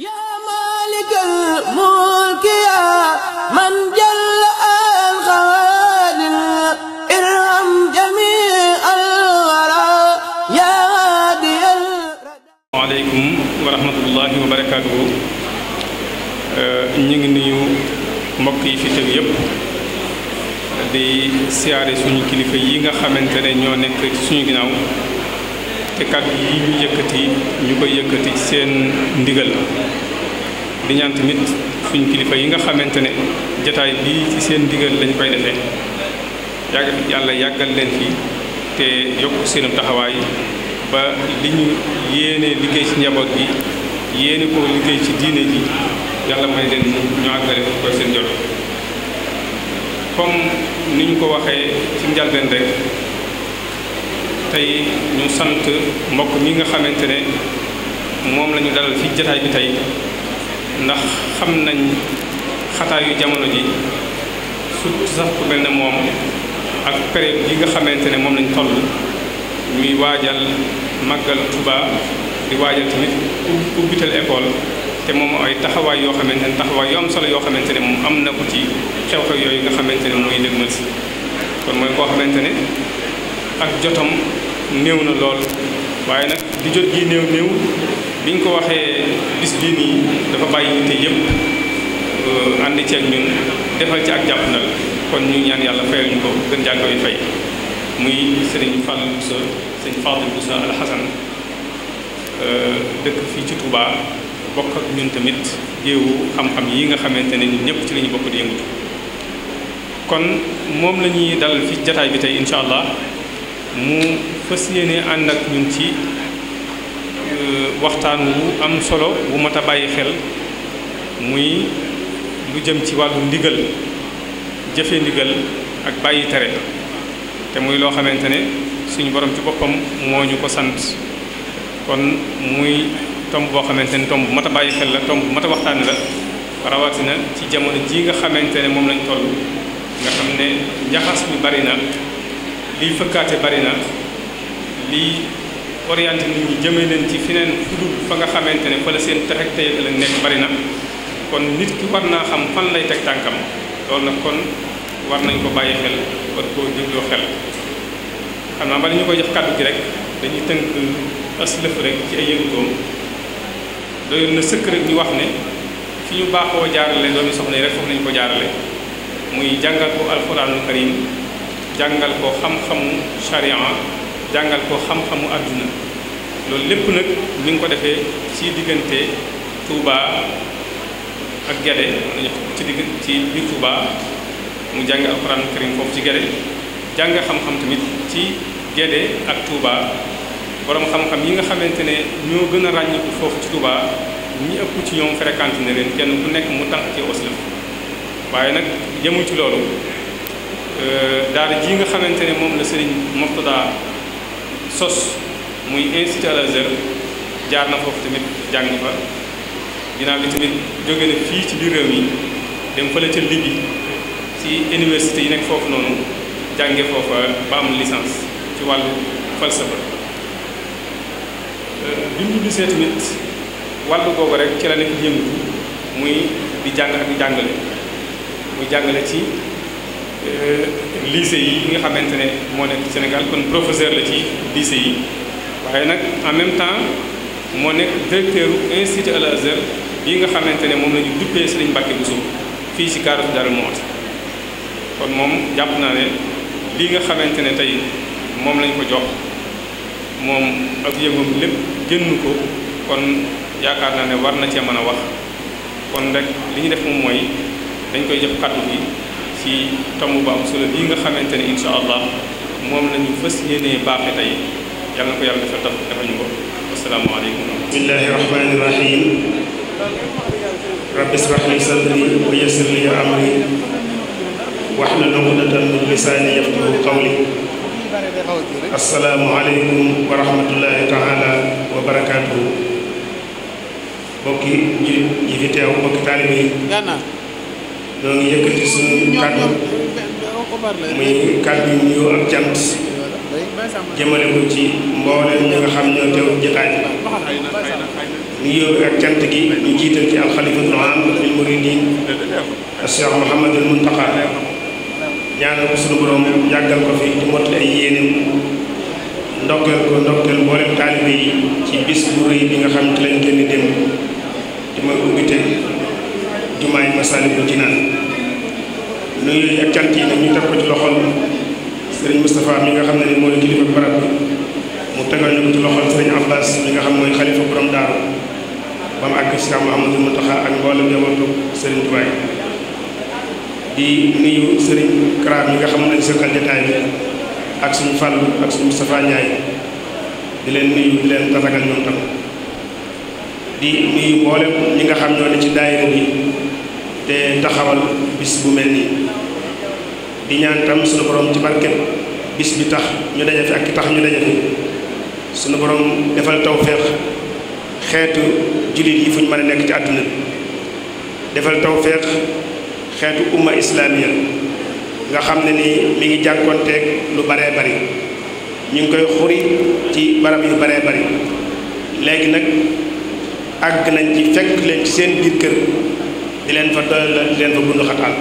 yaa maalikal mulki yaa man jalla al xawaadir irham jamii al waraa yaa haadiyal radaa aleykum wa wa barakaatuhu ñu ngi nuyu mbokk yi fi teew yépp di siyaare suñu kilifa yi nga xamante ne ñoo nekk suñu ginnaaw te kàddu yi ñu yëkkati ñu koy yëkkati ci seen ndigal di ñaan tamit suñ kilifa yi nga xamante ne jataay bii ci seen ndigal lañ koy defee yàgg yàlla yàggal leen fi te yokk seenu taxawaay ba li ñu yéene liggéey ci njaboot gi yéene ko liggéey ci diine yi yàlla may leen ñu àggale ko seen jot comme ni ñu ko waxee ci njalbeen rek tey ñu sant mbokk mi nga xamante ne moom la dalal fi jataay bi tey ndax xam nañ xataa yu jamono ji surtout sax ku mel ne moom ak période bi nga xamante ne moom lañ toll ñuy waajal màggal Tuuba di waajal tamit ubbital école te moom ay taxawaay yoo xamante ne taxawaay yu am solo yoo xamante ne moom am na ku ci xew-xew yooyu nga xamante ne mooy dégmal si kon mooy koo xamante ne ak jotam néew na lool waaye nag di jot gi néew néew biñ ko waxee bis bii nii dafa bàyyi te yëpp euh, ànd ceeg ñun defal ci ak jàpp nal kon ñu ñaan yàlla fayal ñu ko gën jàng koy fay muy sëriñ Fallou Boussa sëriñ Fallou Boussa Alxasan euh, dëkk fii ci Touba bokk ñun tamit géewu xam-xam yi nga xamante ne ñun ñëpp ci lañuy bokk di yëngatu kon moom la dalal fi jataay bi tey incha allah mu fas yéene ànd ak ñun ci euh, waxtaan wu am solo wu mat a bàyyi xel muy lu jëm ci wàllu ndigal jëfe ndigal ak bàyyi tere te muy loo xamante ne suñu borom ci boppam moo ñu ko sant kon muy tomb boo xamante ne tomb bu mat a bàyyi xel la tomb bu mat a waxtaane la rawatina ci jamono ji nga xamante ne moom lañ toll nga xam ne njaxas bi bari na liy fëkkaate bari na lii oriente nit ñi jëmee leen ci feneen fudu fa nga xamante ne fa la seen tex ak tey la nekk bari na kon nit ki war naa xam fan lay teg tànkam loolu nag kon war nañ ko bàyyi xel war koo dégloo xel xam naa bala ñu koy jox kàddu gi rek dañuy tënk aslëf rek ci ay yëngutoom doyoon na sëkk rek ñu wax ne fi ñu baaxoo jaarale doomi soxna yi rek foog nañu ko jaarale muy jàngal ko alxuraanul karim jàngal ko xam-xamu sharia jàngal ko xam-xamu àdduna loolu lépp nag mi ngi ko defee ci diggante Touba ak Gade ci digg ci biir mu jàng alxuraan ci Gade jàng xam tamit ci Gade ak Touba borom xam yi nga xamante ne ñoo gën a ràññiku foofu ci Touba ñi ëpp ci ñoom fréquenté na leen kenn ku nekk mu tànq ci oslam waaye nag yemul ci loolu euh, daara ji nga xamante ne moom la Serigne Mourtada sos muy institut Al Azhar jaar na foofu tamit jàng fa ginnaaw bi tamit jóge na fii ci biir réew mi dem fële ca Libye ci université yi nekk foofu noonu jànge foofa ba am licence ci wàllu falsafa euh, bi mu gisee tamit wàllu boobu rek ci la nekk yëngu muy di jàng ak jàngale muy jàngale ci Euh, lycée yi nga xamante ne moo nekk Sénégal kon professeur la ci lycée yi waaye nag en même temps moo nekk directeur institut Al Azhar yi nga xamante ne moom la ñu si Serigne Mbacké Bousso fii ci Kaaru Daaru Muxti kon moom jàpp naa ne lii nga xamante ne tey moom lañ ko jox moom ak yëngam lépp génn ko kon yaakaar naa ne war na cee mën a wax kon rek li ñu def moom mooy dañ koy jëf kàddu bi ci tomb bu am solo bii nga xamante ne incha allah moom la ñu fas yéenee baaxe tey yal na ko yàlla defal tax defal ñu ko asalaamaaleykum. bismillahi rahmaani rahim rabbi ishrah li sadri wa yassir li amri wahlul uqdatan min lisaani yafqahu qawli asalaamualeykum wa rahmatullahi taala wa barakaatuhu mbokki ji ji fi teew mbokki taalibe yi ñoo ngi yëkkati suñu kàddu muy kàddu yu nuyoo ak cant jëmale ko ci mbooleem ñi nga xam ñoo teew jotaay bi nuyoo bi ak cant gi ñu jiital ci alxalifatul aam lil muridin Cheikh Mouhamadul Muntaqa ñaanal ko suñu borom yàggal ko fi di ndokkeel ko ndokkeel yi ci bis bu rëy bi nga xam ci lañ génn dem di ma ubbite jumaay Masaalikul Jinaan nuyu ak cant yi nag ñu teg ko ci loxol sëriñ Moustapha mi nga xam ne ni mooy kilifa barab bi mu tegal ñu ko ci loxol sëriñ Abbas mi nga xam mooy xalifa borom daaru ba mu àgg si Cheikh ak mboolem njabootu sëriñ Jumaay di nuyu sëriñ Kara mi nga xam ne sëkkal jataay bi ak suñu Fallou ak suñu Moustapha Ndiaye di leen nuyu di leen tatagal ñoom tam ñi nga xam ñoo ne ci daayira bi te taxawal bis bu mel nii di ñaan tam boroom borom ci barke bis bi tax ñu daje ak ki ñu daje sunu suñu borom defal tawféex xeetu jullit yi fu ñu mën a nekk ci àddina àdduna defal tawféex xeetu umma islamiya nga xam ne ni mi ngi jànkonteeg lu baree bari ñu ngi koy xuri ci barab yu baree bari léegi nag àgg nañ ci fekk leen ci seen biir kër di leen fa doyal di leen fa bund xataal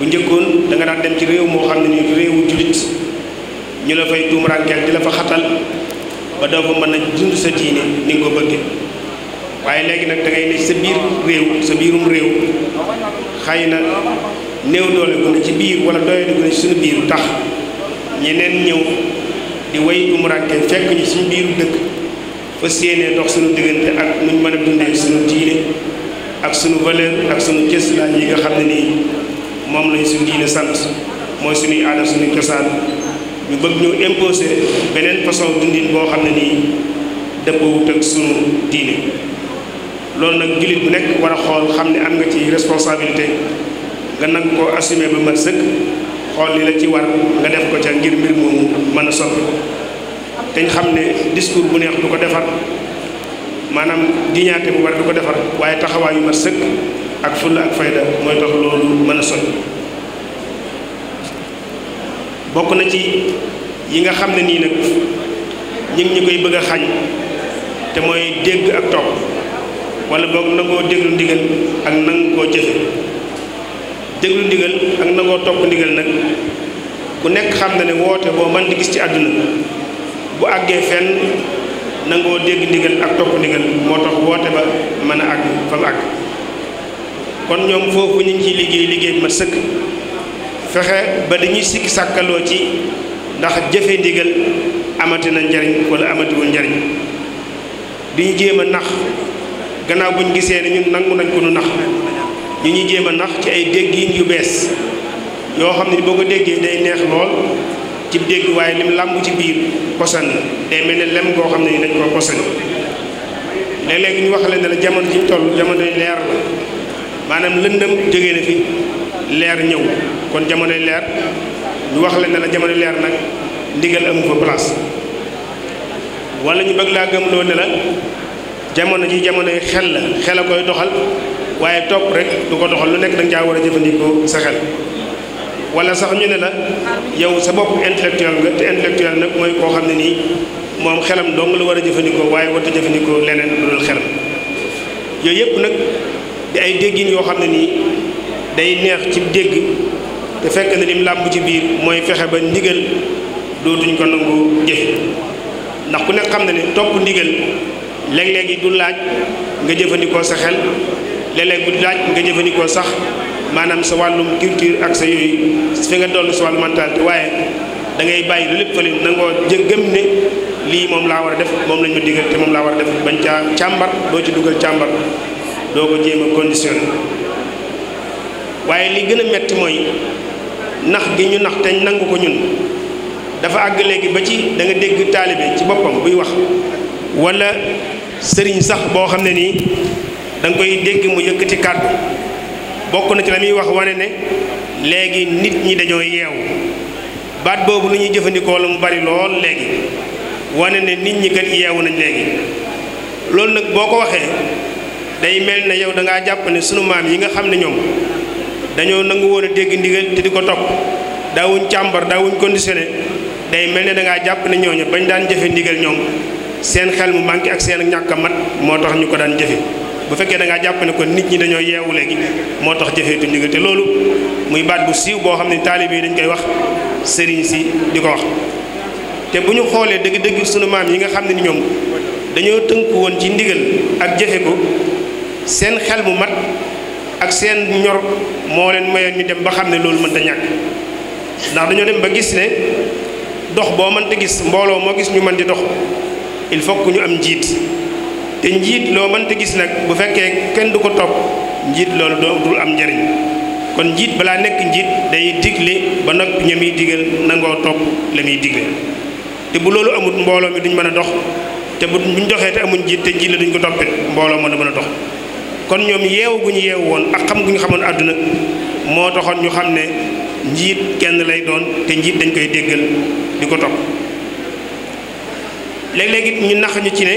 bu njëkkoon da nga daan dem ci réew moo xam ne ni réewu jullit ñu la fay tuum rànkeel di la fa xatal ba doo fa mën a dund sa diine ni ko bëggee waaye léegi nag da ngay ne sa biir réew sa biirum réew xay na néew doole gu ne ci biir wala doyadi gu ne ci suñu biir tax ñeneen ñëw di way tuum rànkeel fekk ñu suñu biiru dëkk fa séenee dox sunu diggante ak nuñ mën a dundee suñu diine ak sunu valeur ak sunu cëslaay yi nga xam ne nii moom lañ suñu diine sant mooy suñuy aada suñuy cosaan ñu bëgg ñu imposé beneen façon dundin boo xam ne nii dëppoowut ak sunu diine loolu nag jullit bu nekk war a xool xam ne am nga ci responsabilité nga nag ko assumé ba mat sëkk xool li la ci war nga def ko ca ngir mbir moomu mën a soppi ko te ñu xam ne discours bu neex du ko defar maanaam giñaate bu war du ko defar waaye taxawaay yu mat sëkk ak fulla ak fayda mooy tax loolu mën a soñ bokk na ci yi nga xam ne nii nag ñu ngi koy bëgg a xañ te mooy dégg ak topp walla boog nangoo déglu ndigal ak nang koo jëfe déglu ndigal ak nangoo topp ndigal nag ku nekk xam na ne woote boo man di gis ci àdduna bu àggee fenn nangoo dégg ndigal ak topp ndigal moo tax woote ba mën a àgg fa mu àgg kon ñoom foofu ñu ngi ciy liggéey liggéey ma sëkk fexe ba dañuy sikki sàkkaloo ci ndax jëfe ndigal amati na njariñ wala amatiwul njariñ du ñu jéem a nax gannaaw buñ gisee ne ñun nangu nañ ko nu nax ñu ñuy jéem a nax ci ay déggiin yu bees yoo xam ne boo ko déggee day neex lool ci dégg waaye lim làmb ci biir posan day mel ne lem koo xam ne ni dañ koo posan léeg-léegi ñu wax leen ne la jamono ji toll jamonoy leer maanaam lëndëm jógee na fi leer ñëw kon jamonoy leer wax leen ne la jamono leer nag ndigal amu fa place wala ñu bëgg laa gëmloo ne la jamono ji jamonoy xel la xel a koy doxal waaye topp rek du ko doxal lu nekk da nga caa war a jëfandikoo sa xel wala sax ñu ne la yow sa bopp intellectuel nga te intellectuel nag mooy koo xam ne nii moom xelam dong la war a jëfandikoo waaye warta jëfandikoo leneen lu dul xelam yooyu yëpp nag di ay déggin yoo xam ne nii day neex ci dégg te fekk na lim làmb ci biir mooy fexe ba ndigal dootuñ ko nangu jëfe ndax ku nekk xam na ne topp ndigal léeg-léeg yi du laaj nga jëfandikoo sa xel léeg-léeg bu laaj nga jëfandikoo sax maanaam sa wàllum culture ak sa yooyu fi nga doon sa wàllu mentalité waaye da ngay bàyyi lu lépp fële nangoo jë gëm ne lii moom laa war a def moom lañ ma digal te moom laa war a def bañ caa càmbar doo ci dugal càmbar doo ko jéem a waaye li gën a metti mooy nax gi ñu nax te nangu ko ñun dafa àgg léegi ba ci danga dégg taalibe ci boppam buy wax walla sëriñ sax boo xam ne nii da koy dégg mu yëkkati kàddu bokk na ci la muy wax wane ne léegi nit ñi dañoo yeewu baat boobu lu ñuy jëfandikoo la mu bari lool léegi wane ne nit ñi kat yeewu nañ léegi loolu nag boo ko waxee day mel ne yow dangaa ngaa jàpp ne sunu maam yi nga xam ne ñoom dañoo nangu woon a dégg ndigal te di ko topp daawuñ càmbar daawuñ conditionné day mel ne dangaa ngaa jàpp ne ñooñu bañ daan jëfe ndigal ñoom seen xel mu manqué ak seen ñàkk mat moo tax ñu ko daan jëfe bu fekkee da ngaa jàpp ne kon nit ñi dañoo yeewu léegi moo tax jëfeetu tu ngi te loolu muy baat bu siiw boo xam ne taalibe yi dañ koy wax sëriñ si di ko wax te bu ñu xoolee dëgg-dëgg sunu maam yi nga xam ne ni ñoom dañoo tënku woon ci ndigal ak jëfe ko seen xel mu mat ak seen ñor moo leen mayoon ñu dem ba xam ne loolu mënta ñàkk ndax dañoo dem ba gis ne dox boo mënta gis mbooloo moo gis ñu mën di dox il faut que ñu am njiit te njiit loo te gis nag bu fekkee kenn du ko topp njiit loolu dootul am njariñ kon njiit balaa nekk njiit day digle ba noppi ña muy digal nangoo la muy digle te bu loolu amut mbooloo mi duñ mën a dox te bu buñ doxee te amuñ njiit te njiit la ko toppee mbooloo mën a mën a dox kon ñoom yeewu gu ñu yeewu woon ak xam gu ñu xamoon àdduna moo taxoon ñu xam ne njiit kenn lay doon te njiit dañ koy déggal di ko topp léeg-léeg ñu nax ñu ci ne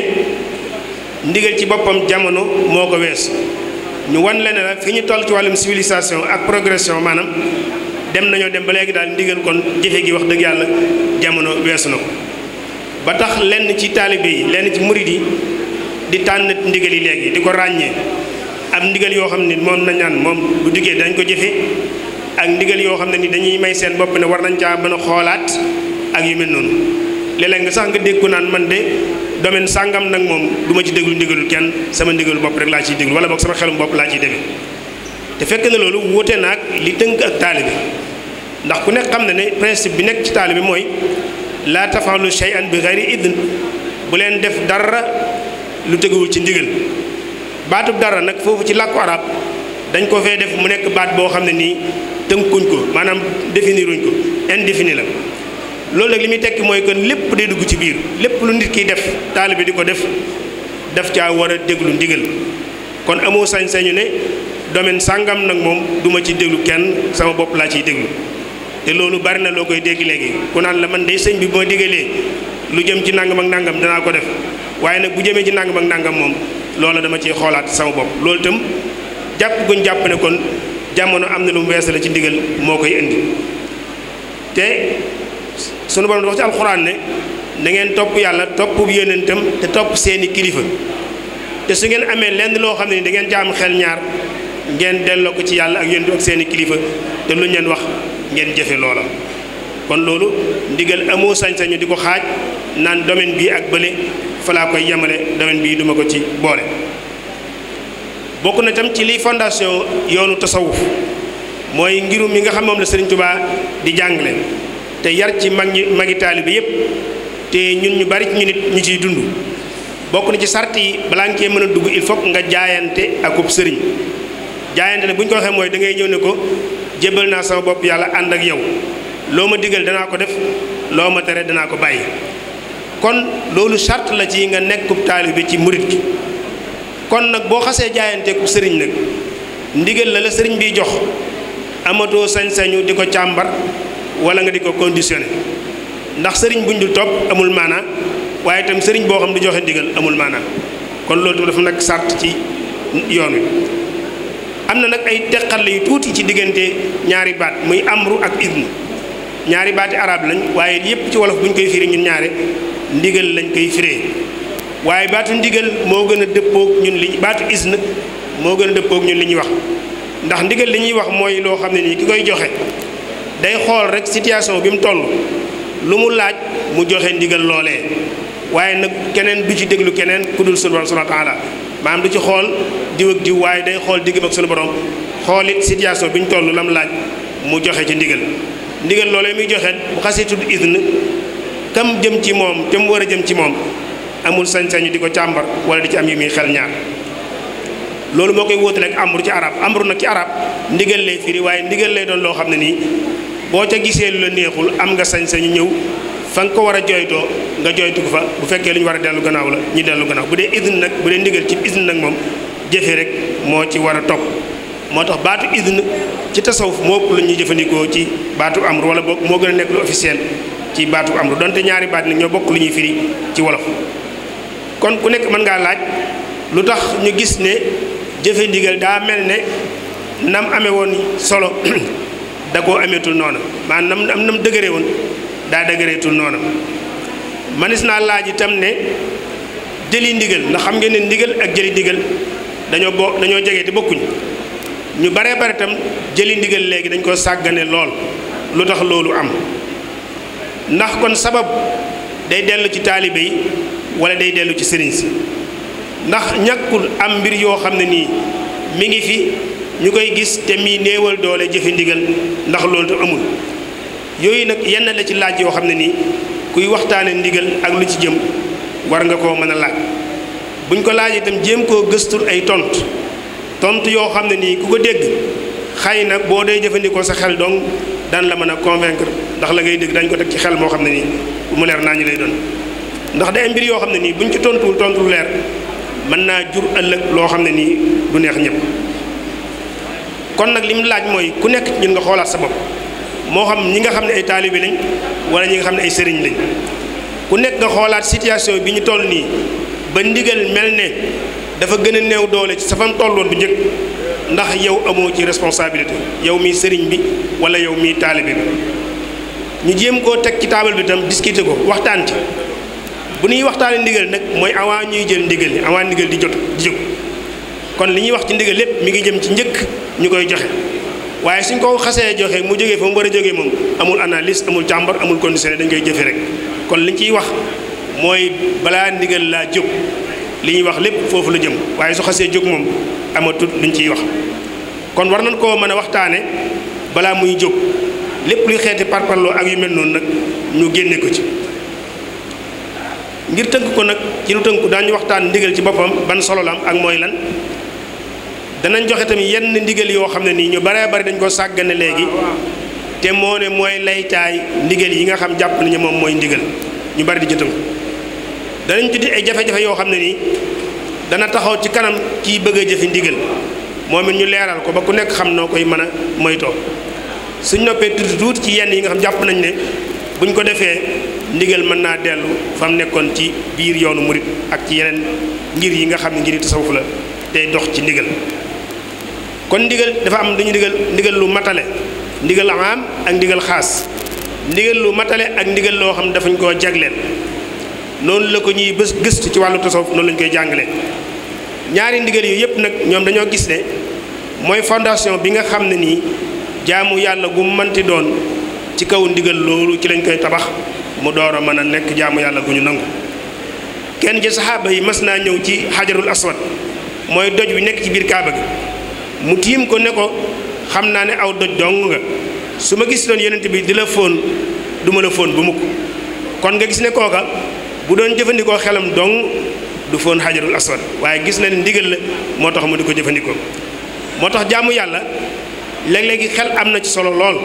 ndigal ci boppam jamono moo ko wees ñu wan leen la fi ñu toll ci wàllum civilisation ak progression maanaam dem nañoo dem ba léegi daal ndigal kon jëfe gi wax dëgg yàlla jamono weesu na ko ba tax lenn ci taalibe yi lenn ci murid yi di tànn ndigal yi léegi di ko ràññee am ndigal yoo xam ne moom nañ naan moom bu duggee dañ ko jëfe ak ndigal yoo xam ne nii dañuy may seen bopp ne war nañ caa mën a xoolaat ak yu mel noonu léeg nga sax nga dégg ko domaine sàngam nag moom du ma ci déglu ndigalul kenn sama ndigalu bopp rek laa ciy déglu wala boog sama xelum bopp laa ciy demee te fekk na loolu wuute naag li tënk ak taalibe ndax ku nekk xam na ne principe bi nekk ci taalibe mooy laa tafalu shay'an bi gayri idn bu leen def dara lu teguwul ci ndigal baatub dara nag foofu ci làkku arab dañ ko fee def mu nekk baat boo xam ne nii tënkuñ ko maanaam définiruñ ko indéfini la loolu nag li muy tekki mooy kon lépp day dugg ci biir lépp lu nit kiy def taalibe di ko def daf caa war a déglu ndigal kon amoo sañ-sañu ne domaine sàngam nag moom duma ci déglu kenn sama bopp laa ciy déglu te loolu bari na loo koy dégg léegi ku naan la man day sëñ bi boo digalee lu jëm ci nangam ak nangam danaa ko def waaye nag bu jëmee ci nangam ak nangam moom loola dama ciy xoolaat sama bopp loolu itam jàpp guñ jàpp ne kon jamono am na lu mu la ci ndigal moo koy indi sunu borom dafa ci alxuraan ne na ngeen topp yàlla topp yonentam te topp seeni kilifa te su ngeen amee lenn loo xam ne da ngeen jaam xel ñaar ngeen delloo ko ci yàlla ak yonent ak seeni kilifa te luñ leen wax ngeen jëfe loola. kon loolu ndigal amoo sañ-sañu di ko xaaj naan domaine bii ak bële falaa koy yemale domaine bii duma ko ci boole bokk na tam ci liy fondation yoonu tasawu mooy ngirum mi nga xam moom la Serigne Touba di jàng leen te yar ci mag ñi magi taalibe yépp te ñun ñu bari ci ñu nit ñu ciy dund bokk na ci sart yi balaa nga cee mën a dugg il faut nga jaayante akub sëriñ jaayante ne bu ñu ko waxee mooy da ngay ñëw ne ko jébbal naa sama bopp yàlla ànd ak yow loo ma digal danaa ko def loo ma tere danaa ko bàyyi kon loolu sart la ci nga nekkub taalibe ci murit gi kon nag boo xasee jaayanteeku sëriñ nag ndigal la la sëriñ bi jox amatoo sañ-sañu di ko càmbar wala nga di ko conditionné ndax sëriñ buñ dul topp amul maanaa waaye itam sëriñ boo xam du joxe ndigal amul maanaa kon loolu itam dafa nag sàtt ci yoon wi am na nag ay teqale yu tuuti ci diggante ñaari baat muy amru ak idnu ñaari baati arab lañ waaye yépp ci wolof bu ñu koy firi ñun ñaare ndigal lañ koy firee waaye baatu ndigal moo gën a dëppook ñun li baatu isn moo gën a dëppoog ñun li ñuy wax ndax ndigal li ñuy wax mooy loo xam ne nii ki koy joxe day xool rek situation bi mu toll lu mu laaj mu joxe ndigal loolee waaye nag keneen du ci déglu keneen ku dul sunu borom subhanahu maa taala du ci xool diw ak diw waaye day xool diggam ak sunu borom xool it situation bi ñu toll lam laaj mu joxe ci ndigal ndigal loolee muy joxe bu xasee tudd idn kam jëm ci moom te mu war a jëm ci moom amul sañ-sañu di ko càmbar wala di ci am yu muy xel ñaar loolu moo koy wóotale ak amru ci arab amru na ci arab ndigal lay firi waaye ndigal lay doon loo xam ne nii boo ca gisee lu la neexul am nga sañ-sañu ñëw fa nga ko war a jooytoo nga jooytu ko fa bu fekkee lu ñu war a dellu gannaaw la ñu dellu gannaaw bu dee izn nag bu dee ndigal ci izn nag moom jëfe rek moo ci war a topp moo tax baatu izn ci tasawuf moo ëpp ñuy jëfandikoo ci baatu amru wala boog moo gën a nekk lu officiel ci baatu am amru donte ñaari baat nag ñoo bokk lu ñuy firi ci wolof kon ku nekk mën ngaa laaj lu tax ñu gis ne jëfe ndigal daa mel ne nam amee woon solo da koo ameetul noona maanaam nam nam dëgëre woon daa dëgëreetul noona manis naa laaj itam ne jëli ndigal ndax xam ngeen ne ndigal ak jëli ndigal dañoo bo dañoo jege te bokkuñ ñu baree bare tam jëli ndigal léegi dañ ko sàggane lool lu tax loolu am ndax kon sabab day dellu ci taalibe yi wala day dellu ci sëriñ si ndax ñàkkul am mbir yoo xam ne nii mi ngi fi ñu koy gis te mii néewal doole jëfe ndigal ndax loolu te amul yooyu nag yenn la ci laaj yoo xam ne nii kuy waxtaane ndigal ak lu ci jëm war nga koo mën a laaj buñ ko laaj itam jéem koo gëstul ay tont tont yoo xam ne nii ku ko dégg xay nag boo dee jëfandikoo sa xel dong daan la mën a convaincre ndax la ngay dégg dañ ko teg ci xel moo xam ne nii mu leer naa ñu lay doon ndax day mbir yoo xam ne nii buñ ci tontuwul tontu leer mën naa jur ëllëg loo xam ne nii du neex ñëpp kon nag li mu laaj mooy ku nekk ci ñun nga xoolaat sa bopp moo xam ñi nga xam ne ay taalibe lañ wala ñi nga xam ne ay sëriñ lañ ku nekk nga xoolaat situation bi ñu toll nii ba ndigal mel ne dafa gën a néew doole ci sa fam tolloon bu njëkk ndax yow amoo ci responsabilité yow mi sëriñ bi wala yow mii taalibe bi ñu jéem koo teg ci taabal bi tam discuter ko waxtaan ci bu ñuy waxtaanee ndigal nag mooy avant ñuy jël ndigal li avant ndigal di jot di jóg. kon li ñuy wax ci ndigal lépp mu ngi jëm ci njëkk ñu koy joxe waaye suñ ko xasee joxe mu jógee fa mu war a jógee moom amul analyse amul càmbar amul conditionné dañ koy jëfe rek kon liñ ciy wax mooy balaa ndigal laa jóg li ñuy wax lépp foofu la jëm waaye su xasee jóg moom amatul luñ ciy wax kon war nañ koo mën a waxtaane balaa muy jóg lépp luy xeeti parparloo ak yu mel noonu nag ñu génne ko ci ngir tënk ko nag ci lu tënk daañu waxtaan ndigal ci boppam ban solo la ak mooy lan danañ joxe tamit yenn ndigal yoo xam ne nii ñu baree bari dañ ko sàggane léegi te moo ne mooy laytaay ndigal yi nga xam jàpp nañu moom mooy ndigal ñu bari di ci danañ tuddi ay jafe-jafe yoo xam ne nii dana taxaw ci kanam kii bëgg a jëfi ndigal moom it ñu leeral ko ba ku nekk xam noo koy mën a moytoo suñ noppee tuuti tuuti ci yenn yi nga xam jàpp nañ ne buñ ko defee ndigal mën naa dellu fa mu nekkoon ci biir yoonu murit ak ci yeneen ngir yi nga xam ne ngir tasawuf la ci ndigal kon ndigal dafa am lu ñu ndigal lu matale ndigal am xaas ndigal lu matale ak ndigal loo xam ne dafañ koo jagleel noonu la ko ñuy bés gëstu ci wàllu tasawuf noonu lañ koy jàngalee ñaari ndigal yu yëpp nag ñoom dañoo gis ne mooy fondation bi nga xam ne nii jaamu yàlla gu mënti doon ci kaw ndigal loolu ci lañ koy tabax mu door a mën a nekk jaamu yàlla gu ñu nangu kenn ci saxaaba yi mas naa ñëw ci xaajarul aswad mooy doj wi nekk ci biir kaaba gi mu tiim ko ne ko xam naa ne aw doj dong nga su ma gis doon yonent bi di la foon duma ma la fóon bu mukk kon nga gis ne kooka bu doon jëfandikoo xelam dong du foon xajarul aswad waaye gis na ne ndigal la moo tax mu di ko jëfandikoo moo tax jàmm yàlla léeg-léegi xel am na ci solo lool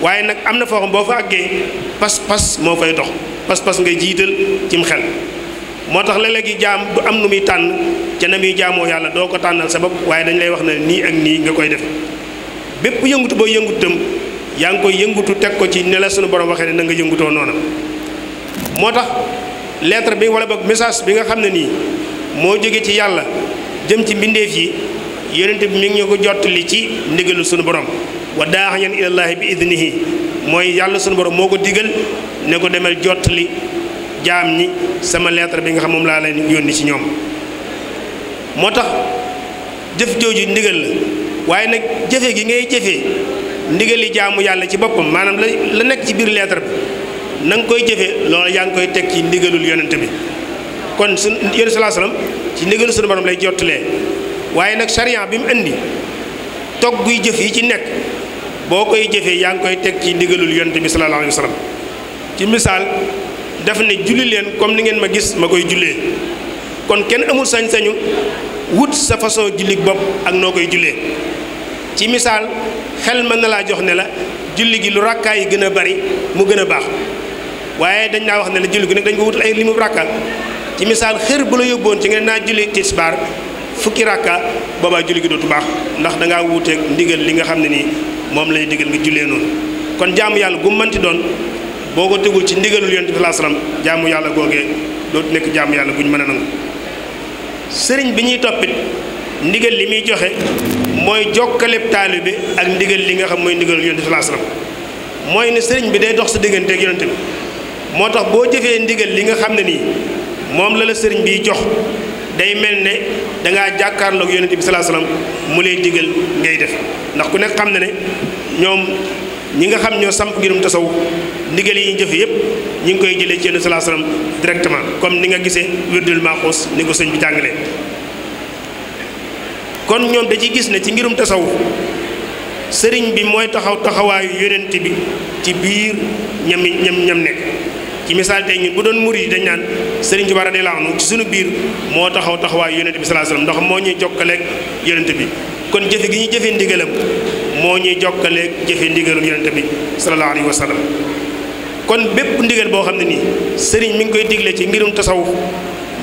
waaye nag am na foo xam boo fa àggee pas-pas moo fay dox pas-pas nga jiital cim xel moo tax léeg-léegi jaam du am nu muy tànn ca na muy jaamoo yàlla doo ko tànnal sa waaye dañ lay wax ne nii ak nii nga koy def bépp yëngutu boo yëngutu tam yaa ngi koy yëngutu teg ko ci nela suñu borom waxee ne na nga yëngutoo noona moo tax lettre bi wala boog message bi nga xam ne nii moo jóge ci yàlla jëm ci mbindeef yi yonent bi mu ngi ko ko jottali ci ndigalu suñu borom wa daaxañan ilallaahi bi idnihi mooy yàlla suñu borom moo ko digal ne ko demel jottali jaam ni sama lettre bi nga xam moom laa leen yónni ci ñoom moo tax jëf jooju ndigal la waaye nag jëfe gi ngay jëfee ndigali jaamu yàlla ci boppam maanaam la la nekk ci biir lettre bi na koy jëfee loolu yaa ngi koy teg ci ndigalul yonent bi kon su yonent salaa ci ndigalu sunu borom lay jottalee waaye nag sariya bi mu indi guy jëf yi ci nekk boo koy jëfee yaa ngi koy teg ci ndigalul yonent bi sallallahu alayhi wa sallam ci misaal dafa ne julli leen comme ni ngeen ma gis ma koy jullee kon kenn amul sañ-sañu wut sa façon julli bopp ak noo koy jullee ci misaal xel mën na laa jox ne la julli gi lu rakkaa yi gën a bari mu gën a baax waaye dañ naa wax ne la julli gi nag dañ ko wutal ay limu rakka ci misaal xër bu la yóbboon ci ngeen naa julli baar fukki rakka boobaa julli gi dootu baax ndax dangaa wuuteeg ndigal li nga xam ne nii moom lay digal nga jullee noonu kon jaamu yàlla gu mënti doon boo ko tegul ci ndigalul yonent bi sallallahu alayhi wasallam jaamu yàlla googee dootu nekk jaamu yàlla bu ñu mën a nangu sëriñ bi ñuy toppit ndigal li muy joxe mooy jokkaleb taalibe ak ndigal li nga xam mooy ndigalul yonent bi mooy ne sëriñ bi day dox sa diggante ak moo tax boo jëfee ndigal li nga xam ne nii moom la la sëriñ bi jox day mel ne dangaa jàkkaarloog yonent bi sallallahu alayhi mu lay digal ngay def ndax ku nekk xam na ne ñoom ñi nga xam ñoo samp ngirum tasaw ndigal yi ñu jëfe yëpp ñu ngi koy jëlee ci yonent salaa directement comme ni nga gisee wirdul maaxuus ni ko sëñ bi jàngalee kon ñoom da ciy gis ne ci ngirum tasaw sëriñ bi mooy taxaw taxawaayu yonent bi ci biir ñam ñam ñam nekk ci misaal tey ñun bu doon mur yi dañ naan sëriñ Tuubaa radiyallaahu anhu ci suñu biir moo taxaw taxawaayu yonent bi salaa salaam moo ñuy jokkaleeg yonent bi kon jëfe gi ñu jëfe ndigalam moo ñuy jokkaleeg jëfe ndigalul yonente bi sallallahu alayhi wa sallam kon bépp ndigal boo xam ne nii sëriñ mi ngi koy digle ci mbirum tasawuf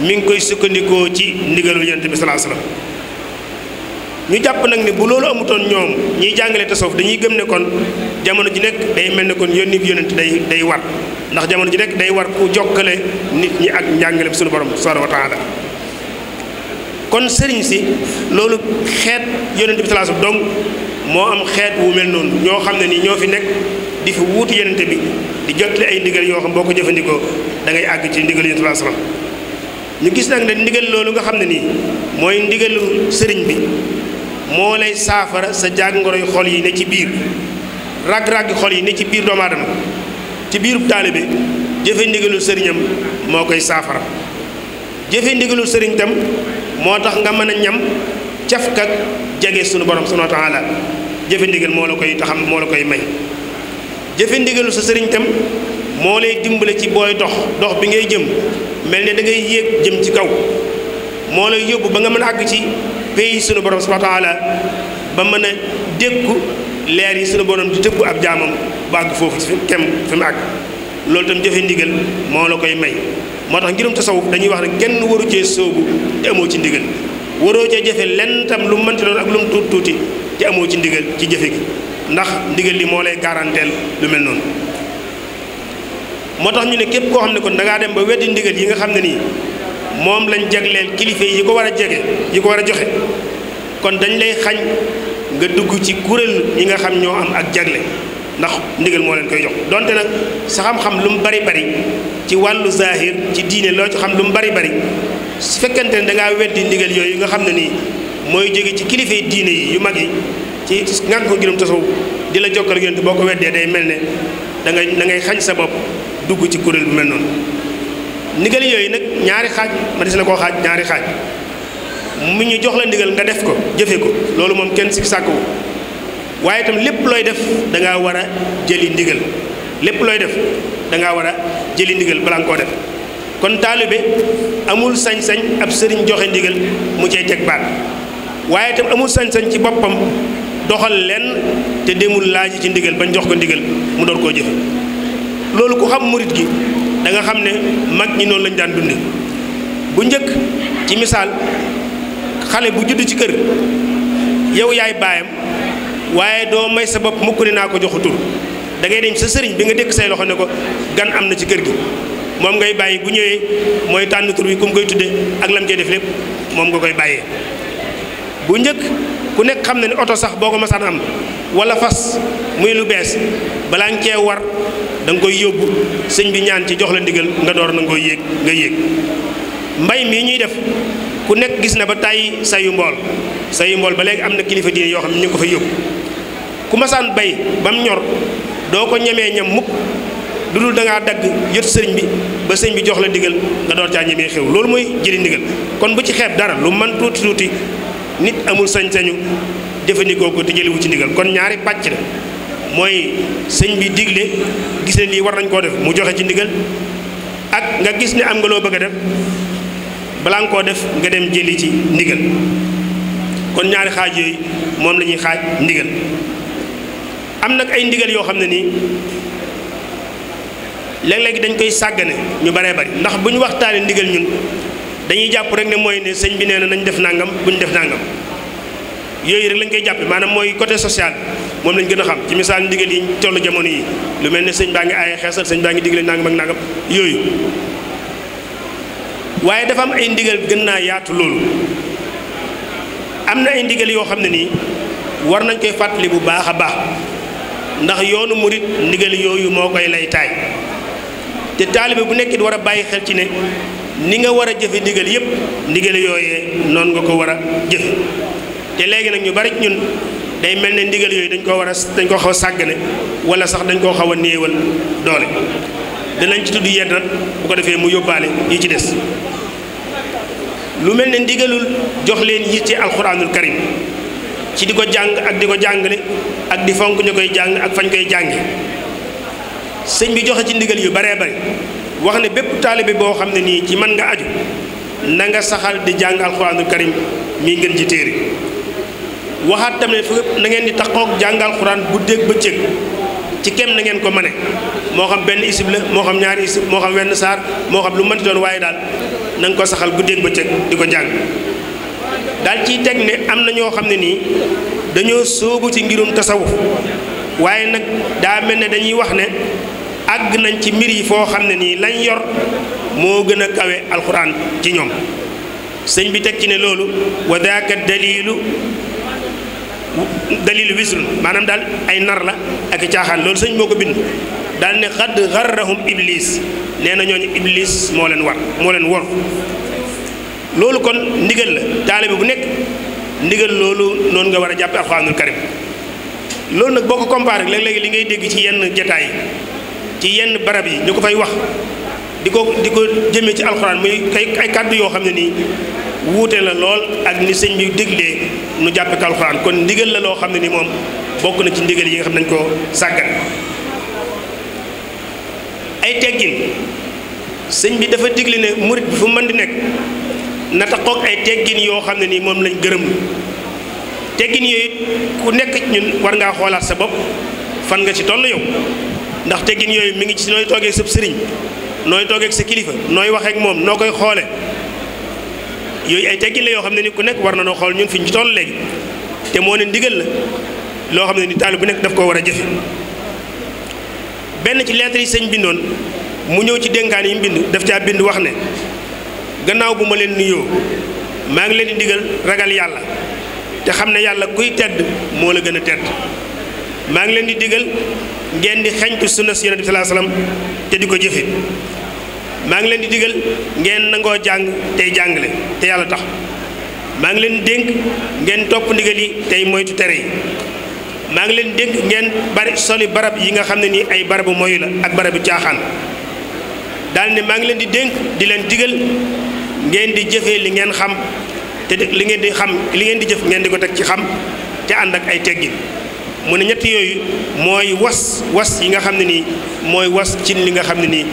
mi ngi koy sukkandikoo ci ndigalul yonente bi sallallahu alayhi ñu jàpp nag ne bu loolu amutoon ñoom ñiy jàngale tasawuf dañuy gëm ne kon jamono ji nekk day mel ne kon yónni bi yónent day day war ndax jamono ji nekk day war ku jokkale nit ñi ak njàngale bi suñu borom subhanahu wa taala kon sëriñ si loolu xeet yónent bi sallallahu moo am xeet wu mel noonu ñoo xam ne ni ñoo fi nekk di fi wuutu yenente bi di jottali ay ndigal yoo xam boo ko jëfandikoo dangay àgg ci ndigal yonent bi ñu gis nag ne ndigal loolu nga xam ne nii mooy ndigalu sëriñ bi moo lay saafara sa jàngoroy xol yi ne ci biir rag-rag xol yi ne ci biir doomu ci biirub taalibe jëfe ndigalu sëriñam moo koy saafara jëfe ndigalu sëriñ tam moo tax nga mën a ñam cafkak jege sunu borom subhanahu wa taala jëfe ndigal moo la koy taxam moo la koy may jëfe ndigalu sa sëriñ tam moo lay dimbale ci booy dox dox bi ngay jëm mel ne da ngay yéeg jëm ci kaw moo lay yóbbu ba nga mën a àgg ci pays sunu borom subhanahu wa taala ba mën a dékku leer yi sunu borom di tëggu ab jaamam bàgg foofu ci kem fi mu àgg loolu tam jëfe ndigal moo la koy may moo tax ngirum tasawuf dañuy wax ne kenn waru cee sóobu te amoo ci ndigal waroo ca jëfe lenn tam lu mu mënti doon ak lu mu tuuti te amoo ci ndigal ci jëfe gi ndax ndigal li moo lay garanteel lu mel noonu moo tax ñu ne képp koo xam ne kon da dem ba weddi ndigal yi nga xam ne nii moom lañ jagleel kilifa yi ko war a jege yi ko war a joxe kon dañ lay xañ nga dugg ci kuréel yi nga xam ñoo am ak jagle ndax ndigal moo leen koy jox donte nag sa xam-xam lu mu bari bari ci wàllu zahir ci diine loo ci xam lu mu bari bari su fekkente ne dangaa weddi ndigal yooyu nga xam ne nii mooy jóge ci kilifa yi diine yi yu mag yi ci ngànk ko gërëm tasaw di la jokkal yonent boo ko weddee day mel ne da ngay da ngay sa bopp dugg ci kuréel bu mel noonu ndigal yooyu nag ñaari xaaj ma si na koo xaaj ñaari xaaj mu ñu jox la ndigal nga def ko jëfe ko loolu moom kenn si sàkku waaye itam lépp looy def danga ngaa war a jëli ndigal lépp looy def danga ngaa war a jëli ndigal balaa nga koo def kon taalibe amul sañ-sañ ab sëriñ joxe ndigal mu cay teg baat waaye itam amul sañ-sañ ci boppam doxal lenn te demul laaj ci ndigal bañ jox ko ndigal mu door koo jëfe loolu ku xam murit gi danga xam ne mag ñi noonu lañ daan dundi bu njëkk ci misaal xale bu judd ci kër yow yaay baayam waaye doo may sa bopp mukk ne naa ko joxu tur da ngay dem sa sëriñ bi nga dékk say loxo ne ko gan am na ci kër gi moom ngay bàyyi bu ñëwee mooy tànn tur bi ku mu koy tudde ak lam cee def lépp moom nga koy bàyyee bu njëkk ku nekk xam na ne oto sax boo ko masaan am wala fas muy lu bees balaa nga cee war danga koy yóbbu sëñ bi ñaan ci jox la ndigal nga door na nga koy yéeg nga yéeg mbay mii ñuy def ku nekk gis na ba tàyyi sayu mbool sayu mbool ba léegi am na kilifa diine yoo xam ne ñu ko fa yóbbu ku masaan bay ba mu ñor doo ko ñemee ñam mukk lu dul da dagg jot sëriñ bi ba sëñ bi jox la ndigal nga door caa ñemee xew loolu mooy jëli ndigal kon bu ci xeeb dara lu man tuuti tuuti nit amul sañ-sañu jëfandikoo ko te jëliwu ci ndigal kon ñaari pàcc la mooy sëñ bi digle gis ne lii war nañ koo def mu joxe ci ndigal ak nga gis ne am nga loo bëgg a def balaa nga koo def nga dem jëli ci ndigal kon ñaari xaaj yooyu moom lañuy ñuy xaaj ndigal am nag ay ndigal yoo xam ne nii léeg-léeg dañ koy sàggane ñu baree bari ndax bu ñu waxtaanee ndigal ñun dañuy jàpp rek ne mooy ne sëñ bi nee na nañ def nangam bu ñu def nangam yooyu rek lañ koy jàpp maanaam mooy côté social moom lañ gën a xam ci misaal ndigal yi tollu jamono yi lu mel ne sëñ baa ngi aaye xeesal sëñ baa ngi digle nangam ak nangam yooyu waaye dafa am ay ndigal gën naa yaatu loolu am na ay ndigal yoo xam ne nii war nañ koy fàttali bu baax a baax ndax yoonu murit ndigal yooyu moo koy laytaay te taalibe bu nekk it war a bàyyi xel ci ne ni nga war a jëfe ndigal yépp ndigal yooye noonu nga ko war a jëfe te léegi nag ñu bari ñun day mel ne ndigal yooyu dañ koo war a dañ koo xaw a sàggane wala sax dañ koo xaw a néewal doole danañ ci tudd yenn nag bu ko defee mu yóbbaale yi ci des lu mel ne ndigalul jox leen yii ci alxuraanul karim ci di ko jàng ak di ko jàngale ak di fonk ñu koy jàng ak fañ koy jànge sëñ bi joxe ci ndigal yu baree bari wax ne bépp taalibe boo xam ne nii ci man nga aju na nga saxal di jàng alxuraanul karim mii ngeen ci téere waxaat tamit fu na ngeen di taxoog jàng alxuraan guddeeg bëccëg ci kem na ngeen ko mane moo xam benn isib la moo xam ñaari isib moo xam wenn saar moo xam lu mënti doon waaye daal na nga ko saxal guddeeg bëccëg di ko jàng daal ciy teg ne am na ñoo xam ne nii dañoo sóobu ci ngirum tasawuf waaye nag daa mel ne dañuy wax ne àgg nañ ci mbir yi foo xam ne nii lañ yor moo gën a kawe alxuraan ci ñoom sëñ bi teg ci ne loolu wa daaka dalilu dalilu maanaam daal ay nar la ak caaxaan loolu sëñ boo ko bind daal ne xadd xarrahum iblis nee na ñooñu iblis moo leen war moo leen won loolu kon ndigal la taalibe bu nekk ndigal loolu noonu nga war a jàppe alxuraanul karim loolu nag boo ko comparé léeg-léeg li ngay dégg ci yenn jataay ci yenn barab yi ñu ko fay wax di ko di ko jëmee ci alxuraan muy kay ay kàddu yoo xam ne nii wuute la lool ak ni sëñ bi déglee nu jàppe ko alxuraan kon ndigal la loo xam ne nii moom bokk na ci ndigal yi nga xam nañ ko sàggan ay teggin sëñ bi dafa digle ne murit bi fu mën di nekk na ay teggin yoo xam ne nii moom lañ gërëm teggin yooyu ku nekk ñun war ngaa xoolaat sa bopp fan nga ci toll yow ndax teggin yooyu mi ngi ci nooy toogee sab sëriñ nooy toogeeg sa kilifa nooy waxeek moom noo koy xoole yooyu ay teggin la yoo xam ne ni ku nekk war na noo xool ñun fi ñu ci toll léegi te moo ne ndigal la loo xam ne ni taalib bu nekk daf koo war a jëfe benn ci lettre yi sëñ bindoon mu ñëw ci dénkaan yi mbind daf caa bind wax ne gannaaw bu ma leen nuyoo maa ngi leen di digal ragal yàlla te xam ne yàlla kuy tedd moo la gën a tedd maa ngi leen di digal ngeen di xeñtu sunna si yonent bi salaa salaam te di ko jëfe maa ngi leen di digal ngeen nangoo jàng tey jàngale te yàlla tax maa ngi leen di dénk ngeen topp ndigal yi tey moytu tere yi maa ngi leen di dénk ngeen bari soli barab yi nga xam ne nii ay barabu moyu la ak barabu caaxaan daal ne maa ngi leen di dénk di leen digal ngeen di jëfee li ngeen xam te li ngeen di xam li ngeen di jëf ngeen di ko teg ci xam te ànd ak ay teggin mu ne ñett yooyu mooy was was yi nga xam ne nii mooy was cin li nga xam ne nii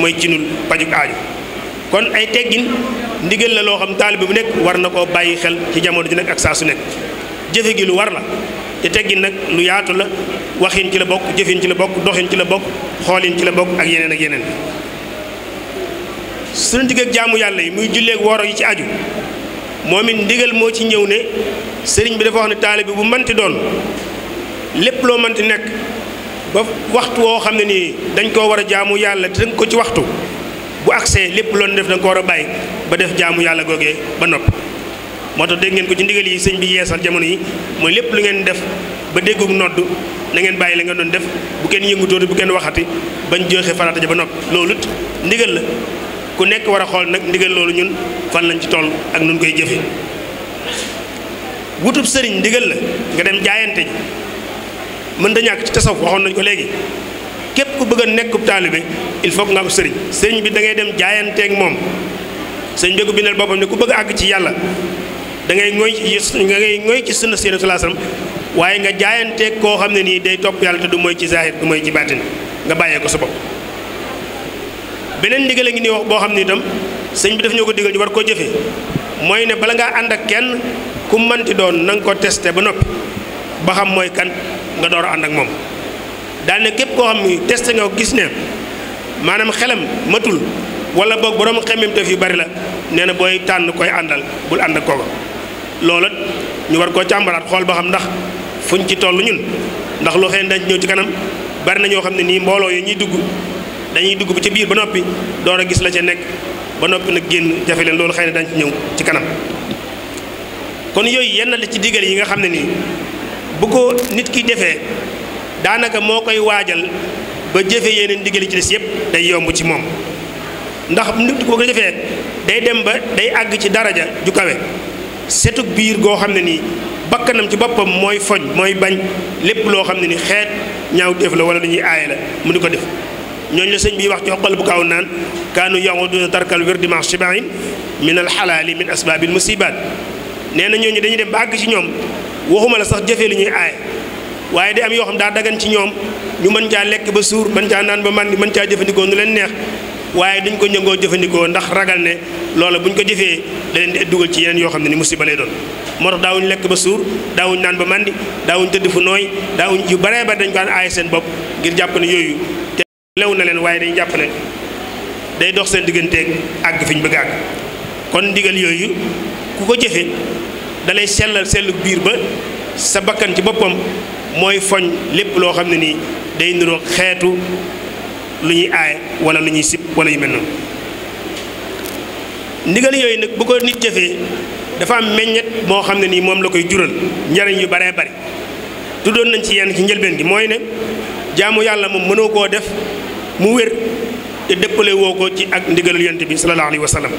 mooy cinul pajuk aaju kon ay teggin ndigal la loo xam taalibe bu nekk war na koo bàyyi xel ci jamono ji nag ak saa su nekk jëfe gi lu war la te teggin nag lu yaatu la waxin ci la bokk jëfin ci la bokk doxin ci la bokk xoolin ci la bokk ak yeneen ak yeneen suñu digg ak jaamu yàlla yi muy julleeg woro yi ci aju moom it ndigal moo ci ñëw ne sëriñ bi dafa wax ne taalibe bu manti doon lépp loo ti nekk ba waxtu woo xam ne nii dañ koo war a jaamu yàlla te ko ci waxtu bu agsee lépp loon def da ko war a bàyyi ba def jaamu yàlla googee ba nopp moo tax dégg ngeen ko ci ndigal yi sëñ bi yeesal jamono yi mooy lépp lu ngeen def ba déggug nodd na ngeen bàyyi la ngeen doon def bu kenn yëngutóoti bu kenn waxati bañ joxe farata ja ba nopp loolut ndigal la ku nekk war a xool nag ndigal loolu ñun fan lañ ci tool ak nun koy jëfe wutub sëriñ ndigal la nga dem jaayante mën dañu ñàkk ci tasawuf waxoon nañ ko léegi képp ku bëgg a nekkub taalibe il faut nga am sëriñ sëriñ bi da ngay dem jaayanteeg moom sëriñ bi ko bindal boppam ne ku bëgg a àgg ci yàlla da ngay ngoy da ngay ngoy ci sunna seen sallam waaye nga jaayanteeg koo xam ne nii day topp yàlla te du mooy ci zahir du mooy ci baatin nga bàyyee ko sa bopp beneen ndigal a ngi nii wax boo xam ne itam sëñ bi daf ñoo ko digal ñu war koo jëfee mooy ne bala ngaa ànd ak kenn ku mënti doon na nga ko ba noppi ba xam mooy kan nga door a ànd ak moom daal képp koo xam ni testé nga gis ne maanaam xelam matul wala boog borom xemmemteef yu bari la nee na booy tànn koy àndal bul ànd ak kooka loola ñu war koo càmbaraat xool ba xam ndax fuñ ci toll ñun ndax loo xëy dañ ñëw ci kanam bari na ñoo xam ne nii mbooloo yi ñuy dugg dañuy dugg ba ci biir ba noppi door a gis la ca nekk ba noppi nag génn jafe leen loolu xëy na dañ ci ñëw ci kanam kon yooyu yenn la ci digal yi nga xam ne nii bu ko nit ki defee daanaka moo koy waajal ba jëfe yeneen ndigal ci des yëpp day yomb ci moom ndax nit ko ko defee day dem ba day àgg ci daraja ju kawe setug biir goo xam ne nii bakkanam ci boppam mooy foñ mooy bañ lépp loo xam ne ni xeet ñaaw def la wala lu ñuy aaye la mu ni ko def ñooñ la sëñ bi wax ci xoqal bu kaaw naan kaanu yaxuduna tarkal wirdiment shibahin min alxalaali min asbaabil musibaat nee na ñooñu dañuy dem ba àgg ci ñoom waxuma la sax jëfee li ñuy aaye waaye di am yoo xam daa dagan ci ñoom ñu mën caa lekk ba suur mën caa naan ba màndi mën caa jëfandikoo nu leen neex waaye duñ ko njëngoo jëfandikoo ndax ragal ne loola ñu ko jëfee da leen dugal ci yeneen yoo xam ne ni musiba lay doon moo tax daawuñ lekk ba suur daawuñ naan ba màndi daawuñ tëdd fu nooy daawuñ yu baree ba dañ ko daan aaye seen bopp ngir jàpp ne yooyu te lew na leen waaye dañ jàpp ne day dox seen digganteeg àgg fi ñu bëgg àgg kon ndigal yooyu ku ko jëfe dalay sellal sellu biir ba sa bakkan ci boppam mooy foñ lépp loo xam ne nii day niroo xeetu lu ñuy aay wala lu ñuy sib wala yu mel noonu ndigal yooyu nag bu ko nit jëfee dafa am meññet moo xam ne nii moom la koy jural njariñ yu baree bari tuddoon nañ ci yenn ci njëlbeen gi mooy ne jaamu yàlla moom mënoo koo def mu wér te dëppalewoo woo ko ci ak ndigalul yonent bi sallallahu alayhi wa sallam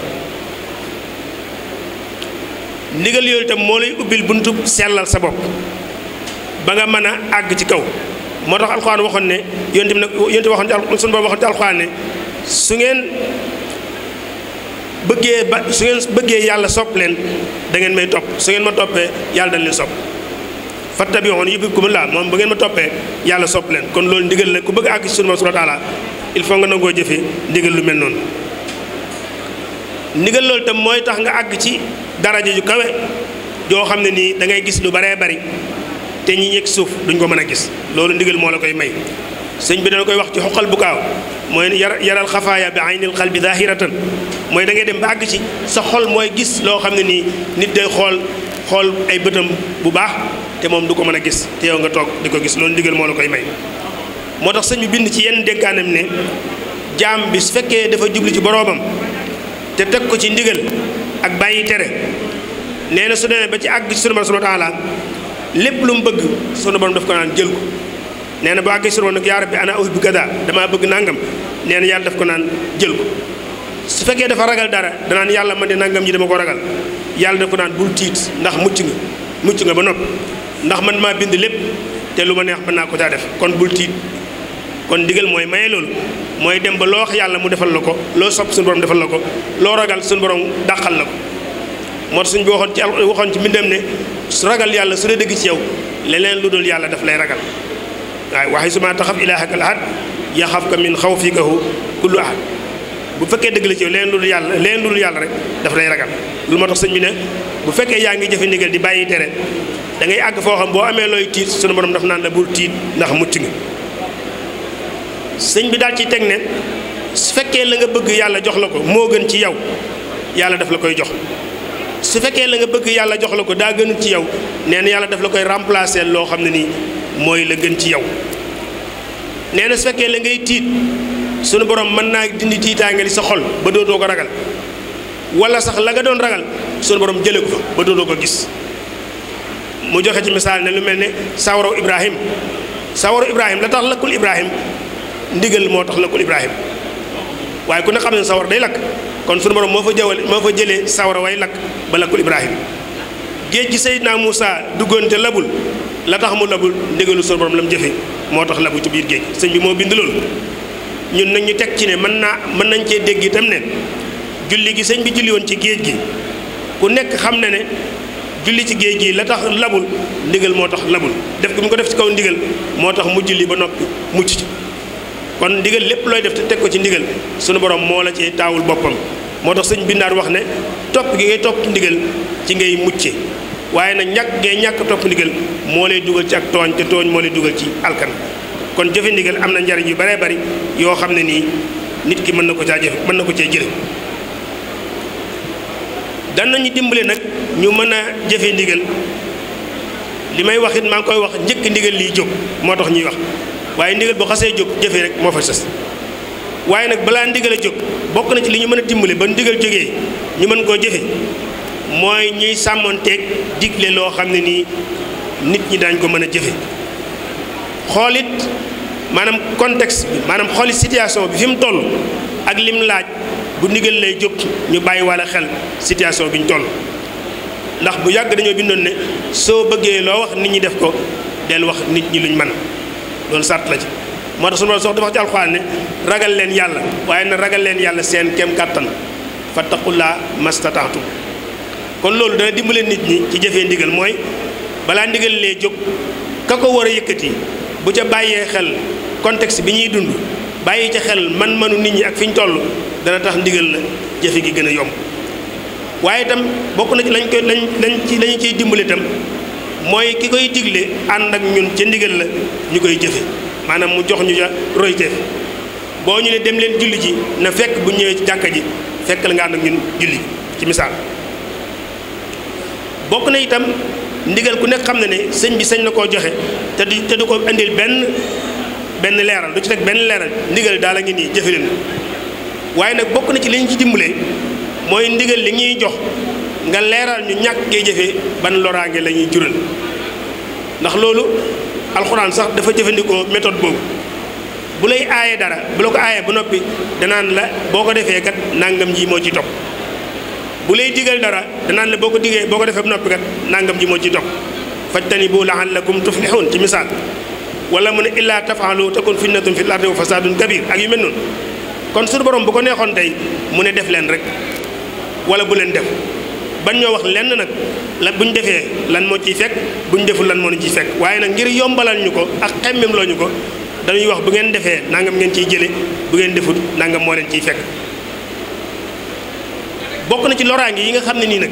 ndigal yooyu itam moo lay ubbil buntub sellal sa bopp ba nga mën a àgg ci kaw moo tax alxuraan waxoon ne yonent bi nag yonent waxoon ci sunu borom waxoon ci alxuraan ne su ngeen bëggee ba su ngeen bëggee yàlla sopp leen da ngeen may topp su ngeen ma toppee yàlla dañ leen sopp fattabi'uuni yuhbibkumullaah moom ba ngeen ma toppee yàlla sopp leen kon loolu ndigal la ku bëgg àgg ci sunu borom subhaanahu wa taala il faut nga koo jëfee ndigal lu mel noonu ndigal loolu itam mooy tax nga àgg ci daraja ju kawe joo xam ne nii da ngay gis lu baree bari te ñi yëg suuf duñ ko mën a gis loolu ndigal moo la koy may sëñ bi dana koy wax ci xoqal bu kaaw mooy yaral xafaaya bi aynil qalbi zahiratan mooy da dem ba àgg ci sa xol mooy gis loo xam ne nii nit day xool xool ay bëtam bu baax te moom du ko mën a gis te yow nga toog di ko gis loolu ndigal moo la koy may moo tax sëñ bi bind ci yenn dénkaanam ne jaam bi su fekkee dafa jubli ci boroomam te teg ko ci ndigal ak bàyyi tere nee na su demee ba ci àgg ci sunu borom subhanahu wa taala lépp lu mu bëgg sunu borom daf ko naan jël ko nee na bu àggee sunu borom nag yaa rabbi ana uhibbu kaza damaa bëgg nangam nee yàlla daf ko naan jël ko su fekkee dafa ragal dara danaan yàlla man de nangam yi dama ko ragal yàlla daf ko naan bul tiit ndax mucc nga mucc nga ba noppi ndax man maa bind lépp te lu ma neex mën naa ko caa def kon bul tiit kon digal mooy maye loolu mooy dem ba loo wax yàlla mu defal la ko loo sopp suñu borom defal la ko loo ragal suñu borom dàqal la ko moo suñ bi waxoon ci waxoon ci mbindam ne su ragal yàlla su dee ci yow leneen lu dul yàlla daf lay ragal waaye waxi suma taxaf ilaahaka ahad yaxafka min xawfikahu kullu ahad bu fekkee dëgg la ci yow leneen lu dul yàlla leneen yàlla rek daf lay ragal lu moo tax sëñ bi ne bu fekkee yaa ngi jëfe di bàyyi tere da ngay àgg foo xam boo amee looy tiit sunu borom daf naan la bul tiit ndax mucc nga sëñ bi daal ci teg ne su fekkee la nga bëgg yàlla jox la ko moo gën ci yow yàlla daf la koy jox su fekkee la nga bëgg yàlla jox la ko daa gënul ci yow nee yàlla daf la koy remplacer loo xam ne nii mooy la gën ci yow nee na su fekkee la ngay tiit sunu borom mën naa dindi tiitaange li sa xol ba dootoo ko ragal walla sax la nga doon ragal sunu boroom jëlee ko fa ba dootoo ko gis mu joxe ci misaal ne lu mel ne sawaro Ibrahim sawaro Ibrahim la tax lëkkul Ibrahim ndigal moo tax lakkul Ibrahima waaye ku ne xam ne sawar day lakk kon sunu borom moo fa jawal moo fa jëlee sawara way lakk ba lakkul Ibrahima géej gi Seydina naa duggoon duggante labul la tax mu labul ndigalu sunu borom la mu jëfe moo tax labu ci biir géej sëñ bi moo bind loolu ñun nag ñu teg ci ne mën naa mën nañ cee dégg itam ne julli gi sëñ bi julli woon ci géej gi ku nekk xam na ne julli ci géej gi la tax labul ndigal moo tax labul def gi mu ko def ci kaw ndigal moo tax mu julli ba noppi mucc ci kon ndigal lépp looy def te teg ko ci ndigal sunu borom moo la ci taawul boppam moo tax sëñ bindaar wax ne topp gi ngay topp ci ndigal ci ngay mucce waaye nag ñàkk ngay ñàkk topp ndigal moo lay dugal ci ak tooñ te tooñ moo lay dugal ci alkan kon jëfe ndigal am na njariñ yu baree bari yoo xam ne nii nit ki mën na ko caa jëfe mën na ko cee jële danañu dimbale nag ñu mën a jëfe ndigal li may wax it maa ngi koy wax njëkk ndigal liy jóg moo tax ñuy wax waaye ndigal bu xasee jóg jëfee rek moo fa sas waaye nag balaa ndigal a jóg bokk na ci li ñu mën a dimbale ba ndigal jógee ñu mën koo jëfe mooy ñuy sàmmonteeg digle loo xam ne nii nit ñi daañ ko mën a jëfe xoolit maanaam contexte bi maanaam xoolit situation bi fi mu toll ak lim laaj bu ndigal lay jóg ñu bàyyi walla xel situation bi ñu toll ndax bu yàgg dañoo bindoon ne soo bëggee loo wax nit ñi def ko del wax nit ñi luñ mën loolu sàrt la ci moo tax suñu borom sax dafa ci alxuraan ne ragal leen yàlla waaye na ragal leen yàlla seen kem kàttan fattaqullaa mastataatum kon loolu dana dimbale nit ñi ci jëfee ndigal mooy balaa ndigal lee jóg ka ko war a yëkkati bu ca bàyyee xel contexte bi ñuy dund bàyyi ca xel man-manu nit ñi ak fi ñu toll dana tax ndigal la jëfe gi gën a yomb waaye itam bokk na ci lañ koy lañ lañ ci lañu ciy dimbali mooy ki koy digle ànd ak ñun ca ndigal la ñu koy jëfe maanaam mu jox ñu ca royteef boo ñu ne dem leen julli ji na fekk bu ñëwee ci jàkka ji fekk la nga ànd ak ñun julli ci misaal bokk na itam ndigal ku nekk xam na ne sëñ bi sëñ na koo joxe te du te ko indil benn benn leeral du ci teg benn leeral ndigal daal a ngi nii jëfe leen waaye nag bokk na ci li ci dimbalee mooy ndigal li ñuy jox nga leeral ñu ñàkk ngay jëfee ban loraange la ñuy jural ndax loolu alxuraan sax dafa jëfandikoo méthode boobu bu lay aaye dara bu la ko aayee ba noppi danaan la boo ko defee kat nangam ji moo ci topp bu lay digal dara danaan la boo ko digee boo ko defee noppi kat nangam ji moo ci topp fajtanibu la'allakum tuflihun ci misaal wala mu ne illaa tafaalu takun fitnatun fil ardi wa fasadun kabir ak yu mel noonu kon suñu borom bu ko neexoon tey mu ne def leen rek wala bu leen def ban ñoo wax lenn nag lan bu ñu defee lan moo ciy fekk bu ñu deful lan moo ciy fekk waaye nag ngir yombalal ñu ko ak xemmem loo ñu ko dañuy wax bu ngeen defee ndangam ngeen ciy jële bu ngeen deful nangam moo leen ciy fekk bokk na ci loraange yi nga xam ne nii nag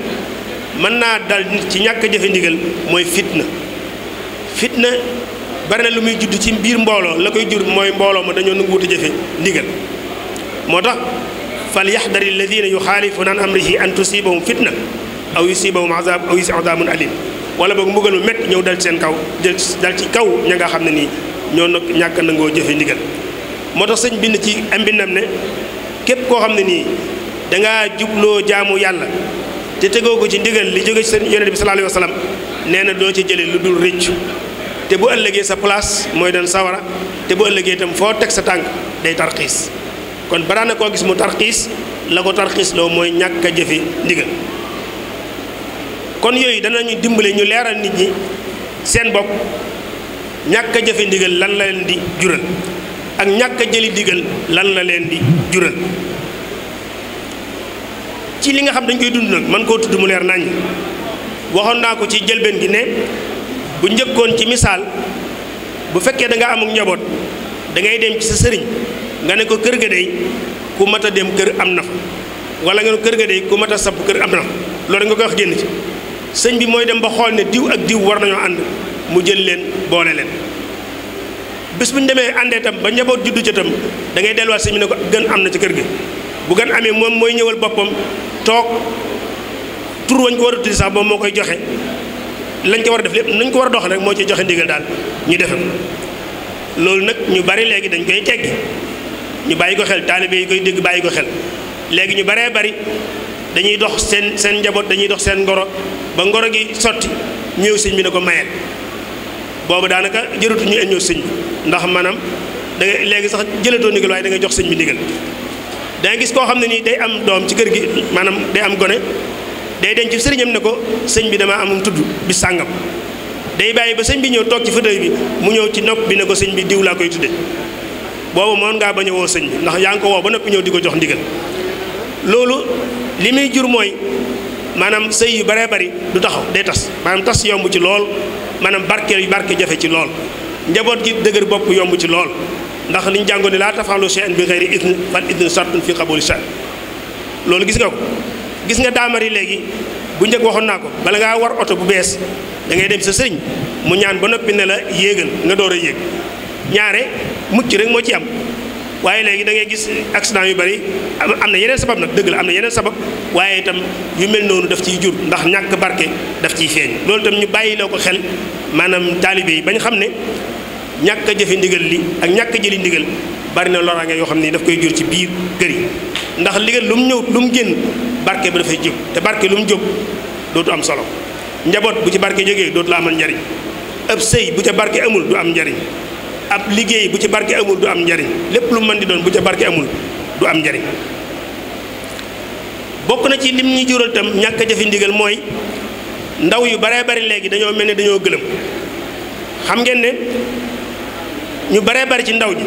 mën naa dal ci ñàkk jëfe ndigal mooy fitna fitna bari na lu muy judd ci biir mbooloo la koy jur mooy mbooloo ma dañoo nanguwut a jëfe ndigal moo tax fal yaxdari alladina yuxaalifuuna an amrihi an tusibahum fitna aw yusibahum azab aw yusi azabun alim wala boog mbugal mu métti ñëw dal ci seen kaw jël dal ci kaw ña nga xam ne nii ñoo nag ñàkk nangoo jëfe ndigal moo tax sëñ bind ci am bindam ne képp koo xam ne nii dangaa jubloo jaamu yàlla te tegoo ko ci ndigal li jóge ci seen yonent bi sallallahu alayhi wa sallam nee na doo ci jële lu dul rëccu te bu ëllëgee sa place mooy doon sawara te bu ëllëgee itam foo teg sa tànk day tarxiis kon baraana koo gis mu tarxiis la ko tarxiis loo mooy ñàkk a jëfe ndigal kon yooyu dana ñu dimbale ñu leeral nit ñi seen bopp ñàkk a jëfe ndigal lan la leen di jural ak ñàkk a jëli ndigal lan la leen di jural ci li nga xam dañ koy dund nag man koo tudd mu leer nañ waxoon naa ko ci jëlbeen gi ne bu njëkkoon ci misaal bu fekkee danga nga amuk njaboot da dem ci sa sëriñ nga ne ko kër ga dey ku mat a dem kër am na fa wala nga ne kër ga dey ku mat a sapp kër am na fa loolu nga koy wax génn ci sëñ bi mooy dem ba xool ne diw ak diw war nañoo ànd mu jël leen boole leen bés bu ñu demee àndee tam ba njaboot juddu ca tam da ngay delluwaat sëñ bi ne ko gën am na ci kër gi bu gën amee moom mooy ñëwal boppam toog tur wañ ko war a tudd sax moom moo koy joxe lañ ko war a def lépp nañ ko war a dox rek moo ci joxe ndigal daal ñu defe loolu nag ñu bari léegi dañ koy teggi ñu bàyyi ko xel taalibe yi koy dégg bàyyi ko xel léegi ñu baree bari dañuy dox seen seen njaboot dañuy dox seen ngoro ba ngoro gi sotti ñëw sëñ bi ne ko mayel boobu daanaka jërutu ñu en ñëw sëñ bi ndax maanaam da léegi sax jëlatoo ndigal da ngay jox sëñ bi ndigal da ngay gis koo xam ne nii day am doom ci kër gi maanaam day am gone day denc sëriñam ne ko sëñ bi damaa amum tudd bi sàngam day bàyyi ba sëñ bi ñëw toog ci fauteuil bi mu ñëw ci nopp bi ne ko sëñ bi diw laa koy tudde boobu moon ngaa bañ sëñ bi ndax yaa ngi ko woo ba noppi ñëw di ko jox ndigal loolu li muy jur mooy maanaam sëy yu baree bari du taxaw day tas maanaam tas yomb ci lool maanaam barke yu barke jafe ci lool njaboot gi dëgër bopp yomb ci lool ndax liñ jàngoon ne laa tafaalu shay'an bi ghayri idni fal idnu sartun fi qabuli shay loolu gis nga ko gis nga daamari léegi bu njëkk waxoon naa ko bala ngaa war oto bu bees dangay dem sa sëriñ mu ñaan ba noppi ne la yéegal nga door a yéeg ñaare mucc rek moo ci am waaye léegi da ngay gis accident yu bari am na yeneen sabab nag dëgg la am na yeneen sabab waaye itam yu mel noonu daf ciy jur ndax ñàkk barke daf ciy feeñ loolu itam ñu bàyyi la ko xel maanaam taalibe yi ñu xam ne ñàkk a jëfe ndigal li ak ñàkk a jëli ndigal bari na loraange yoo xam ne daf koy jur ci biir gër yi ndax liggéey lu mu ñëw lu mu génn barke ba dafay jiw te barke lu mu jóg dootu am solo njaboot bu ci barke jógee dootu la amal njariñ ab sëy bu ca barke amul du am njariñ ab liggéey bu ci barke amul du am njariñ lépp lu mën di doon bu ca barke amul du am njariñ bokk na ci lim ñi jural itam ñàkk a ndigal mooy ndaw yu baree bari léegi dañoo mel ni dañoo gëlëm xam ngeen ne ñu baree bari ci ndaw ji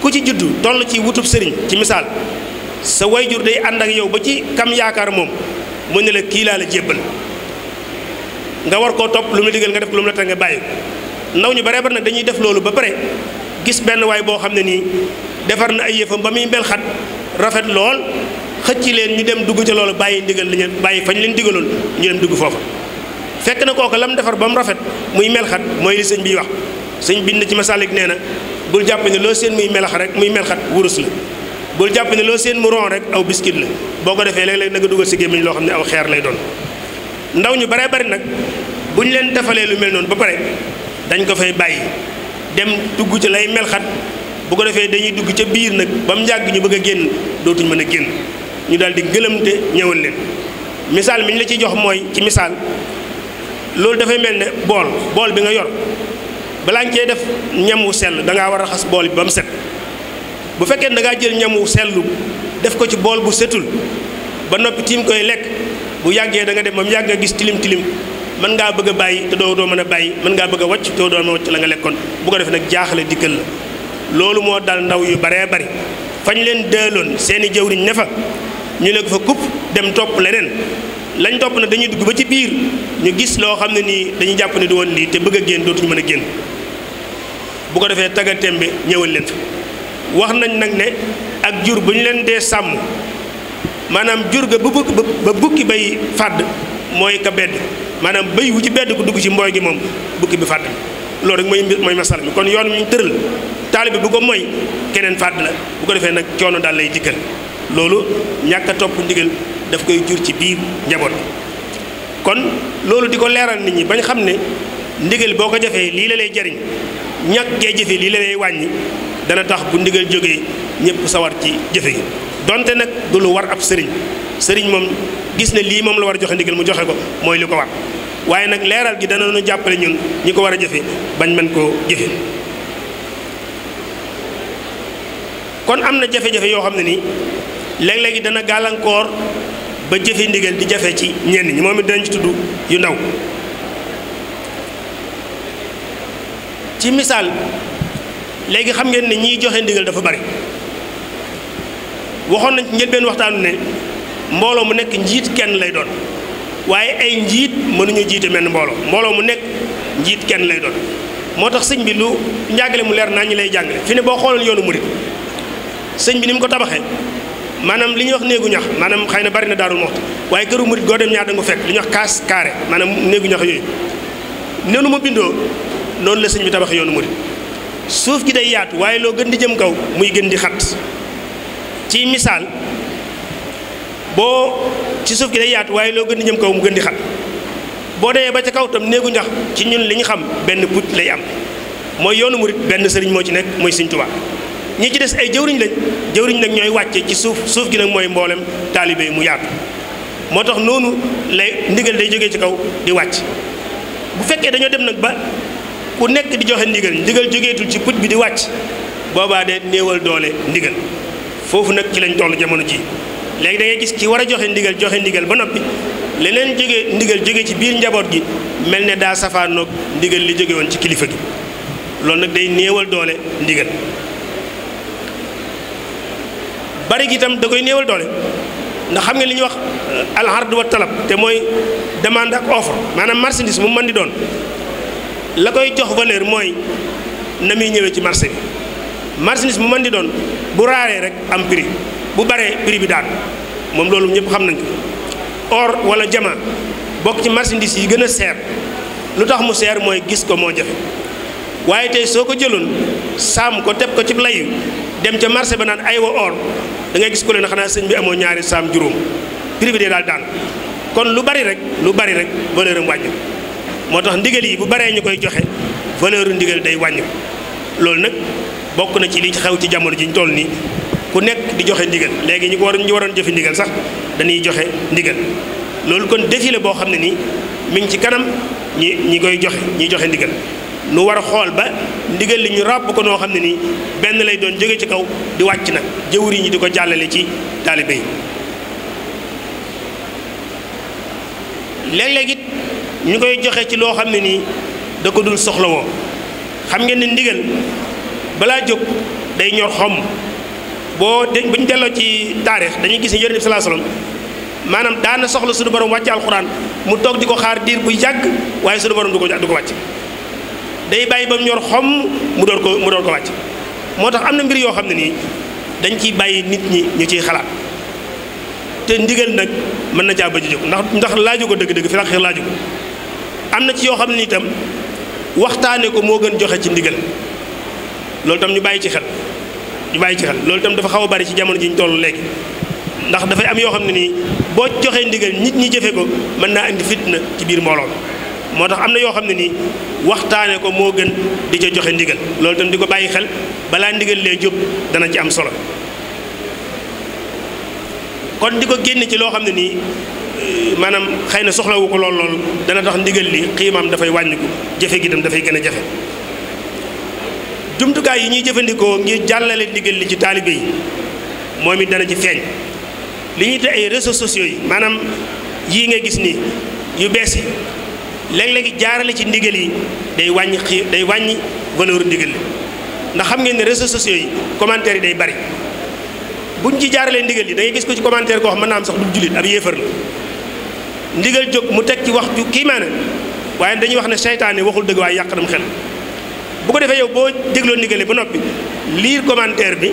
ku ci juddu toll ci wutub sëriñ ci misaal sa wayjur dey ànd ak yow ba ci kam yaakaar moom mu ne la kii laa la jébbal nga war koo topp lu mu la digal nga def ko lu mu la tere nga bàyyi ndaw ñu bare bari nag dañuy def loolu ba pare gis benn waay boo xam ne nii defar na ay yëfam ba muy mel xat rafet lool xëcc leen ñu dem dugg ca loolu bàyyi ndigal lañu bàyyi fañ leen digaloon ñu dem dugg foofa fekk na kooku lam defar ba mu rafet muy melxat mooy li sëñ bi wax sëñ bind ci masalik nee na bul jàpp ne loo seen muy melax rek muy melxat xat wurus la bul jàpp ne loo seen mu rek aw biskit la boo ko defee léeg-léeg nag nga dugal si gémmiñ loo xam aw xeer doon ndaw ñu baree bari nag bu leen defalee lu mel noonu ba pare dañ ko fay bàyyi dem dugg ci lay melxat bu ko defee dañuy dugg ca biir nag ba mu njàgg ñu bëgg a génn dootuñ mën a génn ñu daal di gëlëmte ñëwal leen misaal mi ñu la ciy jox mooy ci misaal loolu dafay mel ne bool bool bi nga yor balaa nga cee def ñam wu sell da ngaa war a raxas bool bi ba mu set bu fekkee da ngaa jël ñam wu sellu def ko ci bool bu setul ba noppi tiim koy lekk bu yàggee danga dem ba mu yàgg nga gis tilim tilim mën ngaa bëgg bàyyi te doo doo mën a bàyyi mën ngaa bëgg a wàcc te doo mën a wàcc la nga lekkoon bu ko defee nag jaaxale dikkal la loolu moo dal ndaw yu baree bari fañ leen deeloon seeni jëwriñ ne fa ñu ne fa kupp dem topp leneen lañ topp nag dañuy dugg ba ci biir ñu gis loo xam ne nii dañuy jàpp ne du woon lii te bëgg a génn dootuñu mën a génn bu ko defee tagatem bi ñëwal leen fi wax nañ nag ne ak jur bu ñu leen dee sàmm maanaam jur ga ba bukki bay fàdd mooy ka bedd maanaam béy wu ci bedd ku dugg ci mbooy gi moom bukki bi fàdd loolu rek mooy mooy masal mi kon yoon wi ñu tëral bi bu ko mooy keneen fàdd la bu ko defee nag coono daal lay jikkal loolu ñàkk topp ndigal daf koy jur ci biir njaboot kon loolu di ko leeral nit ñi bañ xam ne ndigal boo ko jafee lii la lay jariñ ñàkk gee jëfe lii la wàññi dana tax bu ndigal jógee ñëpp sawar ci jëfe yi donte nag du lu war ab sëriñ sëriñ moom gis ne lii moom la war a joxe ndigal mu joxe ko mooy li ko war waaye nag leeral gi dana nu jàppale ñun ñi ko war a jafe bañ mën koo jëfe kon am na jafe-jafe yoo xam ne nii léeg-léegi dana gàllankoor ba jëfe ndigal di jafe ci ñenn ñi moom it danañ ci tudd yu ndaw ci misaal léegi xam ngeen ne ñiy joxe ndigal dafa bari waxoon nañ ci njëlbeen waxtaanu ne mbooloo mu nekk njiit kenn lay doon waaye ay njiit mënuñu jiite menn mbooloo mbooloo mu nekk njiit kenn lay doon moo tax sëñ bi lu njàngale mu leer naa ñi lay jàng fi ne boo xoolal yoonu murit sëñ bi ni mu ko tabaxee maanaam li ñuy wax néegu ñax maanaam xëy na bari na daarul moxtu waaye këru murit goo dem ñaar da nga fekk li ñuy kaas carré maanaam néegu ñax yooyu noonu ma bindoo noonu la sëñ bi tabaxee yoonu murit suuf gi day yaatu waaye loo gën di jëm kaw muy gën di xat ci misaal boo ci suuf gi day yaatu waaye loo gën di jëm kaw mu gën di xat boo demee ba ca kaw tam néegu ñax ci ñun li ñu xam benn put lay am mooy yoonu murit benn sëriñ moo ci nekk mooy Sëriñ Tuubaa ñi ci des ay jëwriñ lañ jëwriñ nag ñooy wàcce ci suuf suuf gi nag mooy mboolem taalibe yi mu yaatu moo tax noonu lay ndigal day jógee ci kaw di wàcc bu fekkee dañoo dem nag ba ku nekk di joxe ndigal ndigal jógeetul ci put bi di wàcc boobaa de néewal doole ndigal foofu nag ci lañ toll jamono ji léegi da ngay gis ki war a joxe ndigal joxe ndigal ba noppi leneen jóge ndigal jóge ci biir njaboot gi mel ne daa safaanoog ndigal li jóge woon ci kilifa gi loolu nag day néewal doole ndigal bari gi itam da koy néewal doole ndax xam nga li ñuy wax euh, alhard wa talab te mooy demander ak offre maanaam marchandise mu mën di doon la koy jox valeur mooy na muy ñëwee ci marché bi marchandise mu mën di doon bu raaree rek am prix bu baree prix bi daanu moom loolu ñëpp xam nañ ko or wala jama bokk ci marchandise yi gën a seer lu tax mu seer mooy gis ko moo jafe waaye tey soo ko jëloon saam ko teb ko ci lay dem ca marché ba naan aywa or da ngay gis ko leen xanaa sëñ bi amoo ñaari saam juróom prix bi dee daal daan kon lu bari rek lu bari rek valeur wàññ wàññi moo tax ndigal yi bu baree ñu koy joxe valeur ndigal day wàññi loolu nag bokk na ci li xew ci jamono ji ñu toll nii. ku nekk di joxe ndigal léegi ñu ko war ñu waroon jëfe ndigal sax dañuy joxe ndigal loolu kon défilé boo xam ne nii mi ngi ci kanam ñi ñi koy joxe ñi joxe ndigal nu war a xool ba ndigal li ñu ràbb ko noo xam ne nii benn lay doon jóge ci kaw di wàcc nag jëwri ñi di ko jàllale ci taalibe yi léeg-léeg it ñu koy joxe ci loo xam ne nii da ko dul soxlawoo xam ngeen ne ndigal balaa jóg day ñor xomm boo de ba ñu delloo ci taarix dañuy gis ne yonent bi salaa salaam maanaam daana soxla suñu borom wàcce alxuraan mu toog di ko xaar diir bu yàgg waaye suñu borom du ko du ko wàcc day bàyyi ba mu ñor xom mu door ko mu door ko wàcc moo tax am na mbir yoo xam ne nii dañ ciy bàyyi nit ñi ñu ciy xalaat te ndigal nag mën na caa ba jóg ndax ndax laaju ko dëgg-dëgg fi la laaju ko am na ci yoo xam ne nii itam waxtaane ko moo gën joxe ci ndigal loolu tam ñu bàyyi ci xel ñu bàyyi ci xel loolu itam dafa xaw a bari ci jamono ji ñu toll léegi ndax dafay am yoo xam ne nii boo joxee ndigal nit ñi jëfe ko mën naa indi na ci biir mbooloo moo tax am na yoo xam ne nii waxtaane ko moo gën di ca joxe ndigal loolu itam di ko bàyyi xel balaa ndigal lee jóg dana ci am solo kon di ko génn ci loo xam ne nii eh, maanaam xëy na soxlawu ko lool lool dana tax ndigal li xiimam dafay wàññiku jëfe gi tam dafay gën a jafe jumtukaay yi ñuy jëfandikoo ngir jàllale ndigal li ci taalibe yi moom it dana ci feeñ li ñuy te ay réseaux sociaux yi maanaam yii nga gis ni yu bees yi léeg-léegi jaarale ci ndigal yi day wàññi xii day wàññi valeur ndigal li ndax xam ngeen ne réseaux sociaux yi commentaire yi day bari buñ ci jaaralee ndigal yi da gis ko ci commentaire koo xam mën naa am sax du jullit ab yéefar la ndigal jóg mu teg ci wax ju kii maanaam waaye dañuy wax ne seytaane waxul dëgg waaye yàq na mu bu ko defee yow boo dégloo ndigale ba noppi lire commentaire bi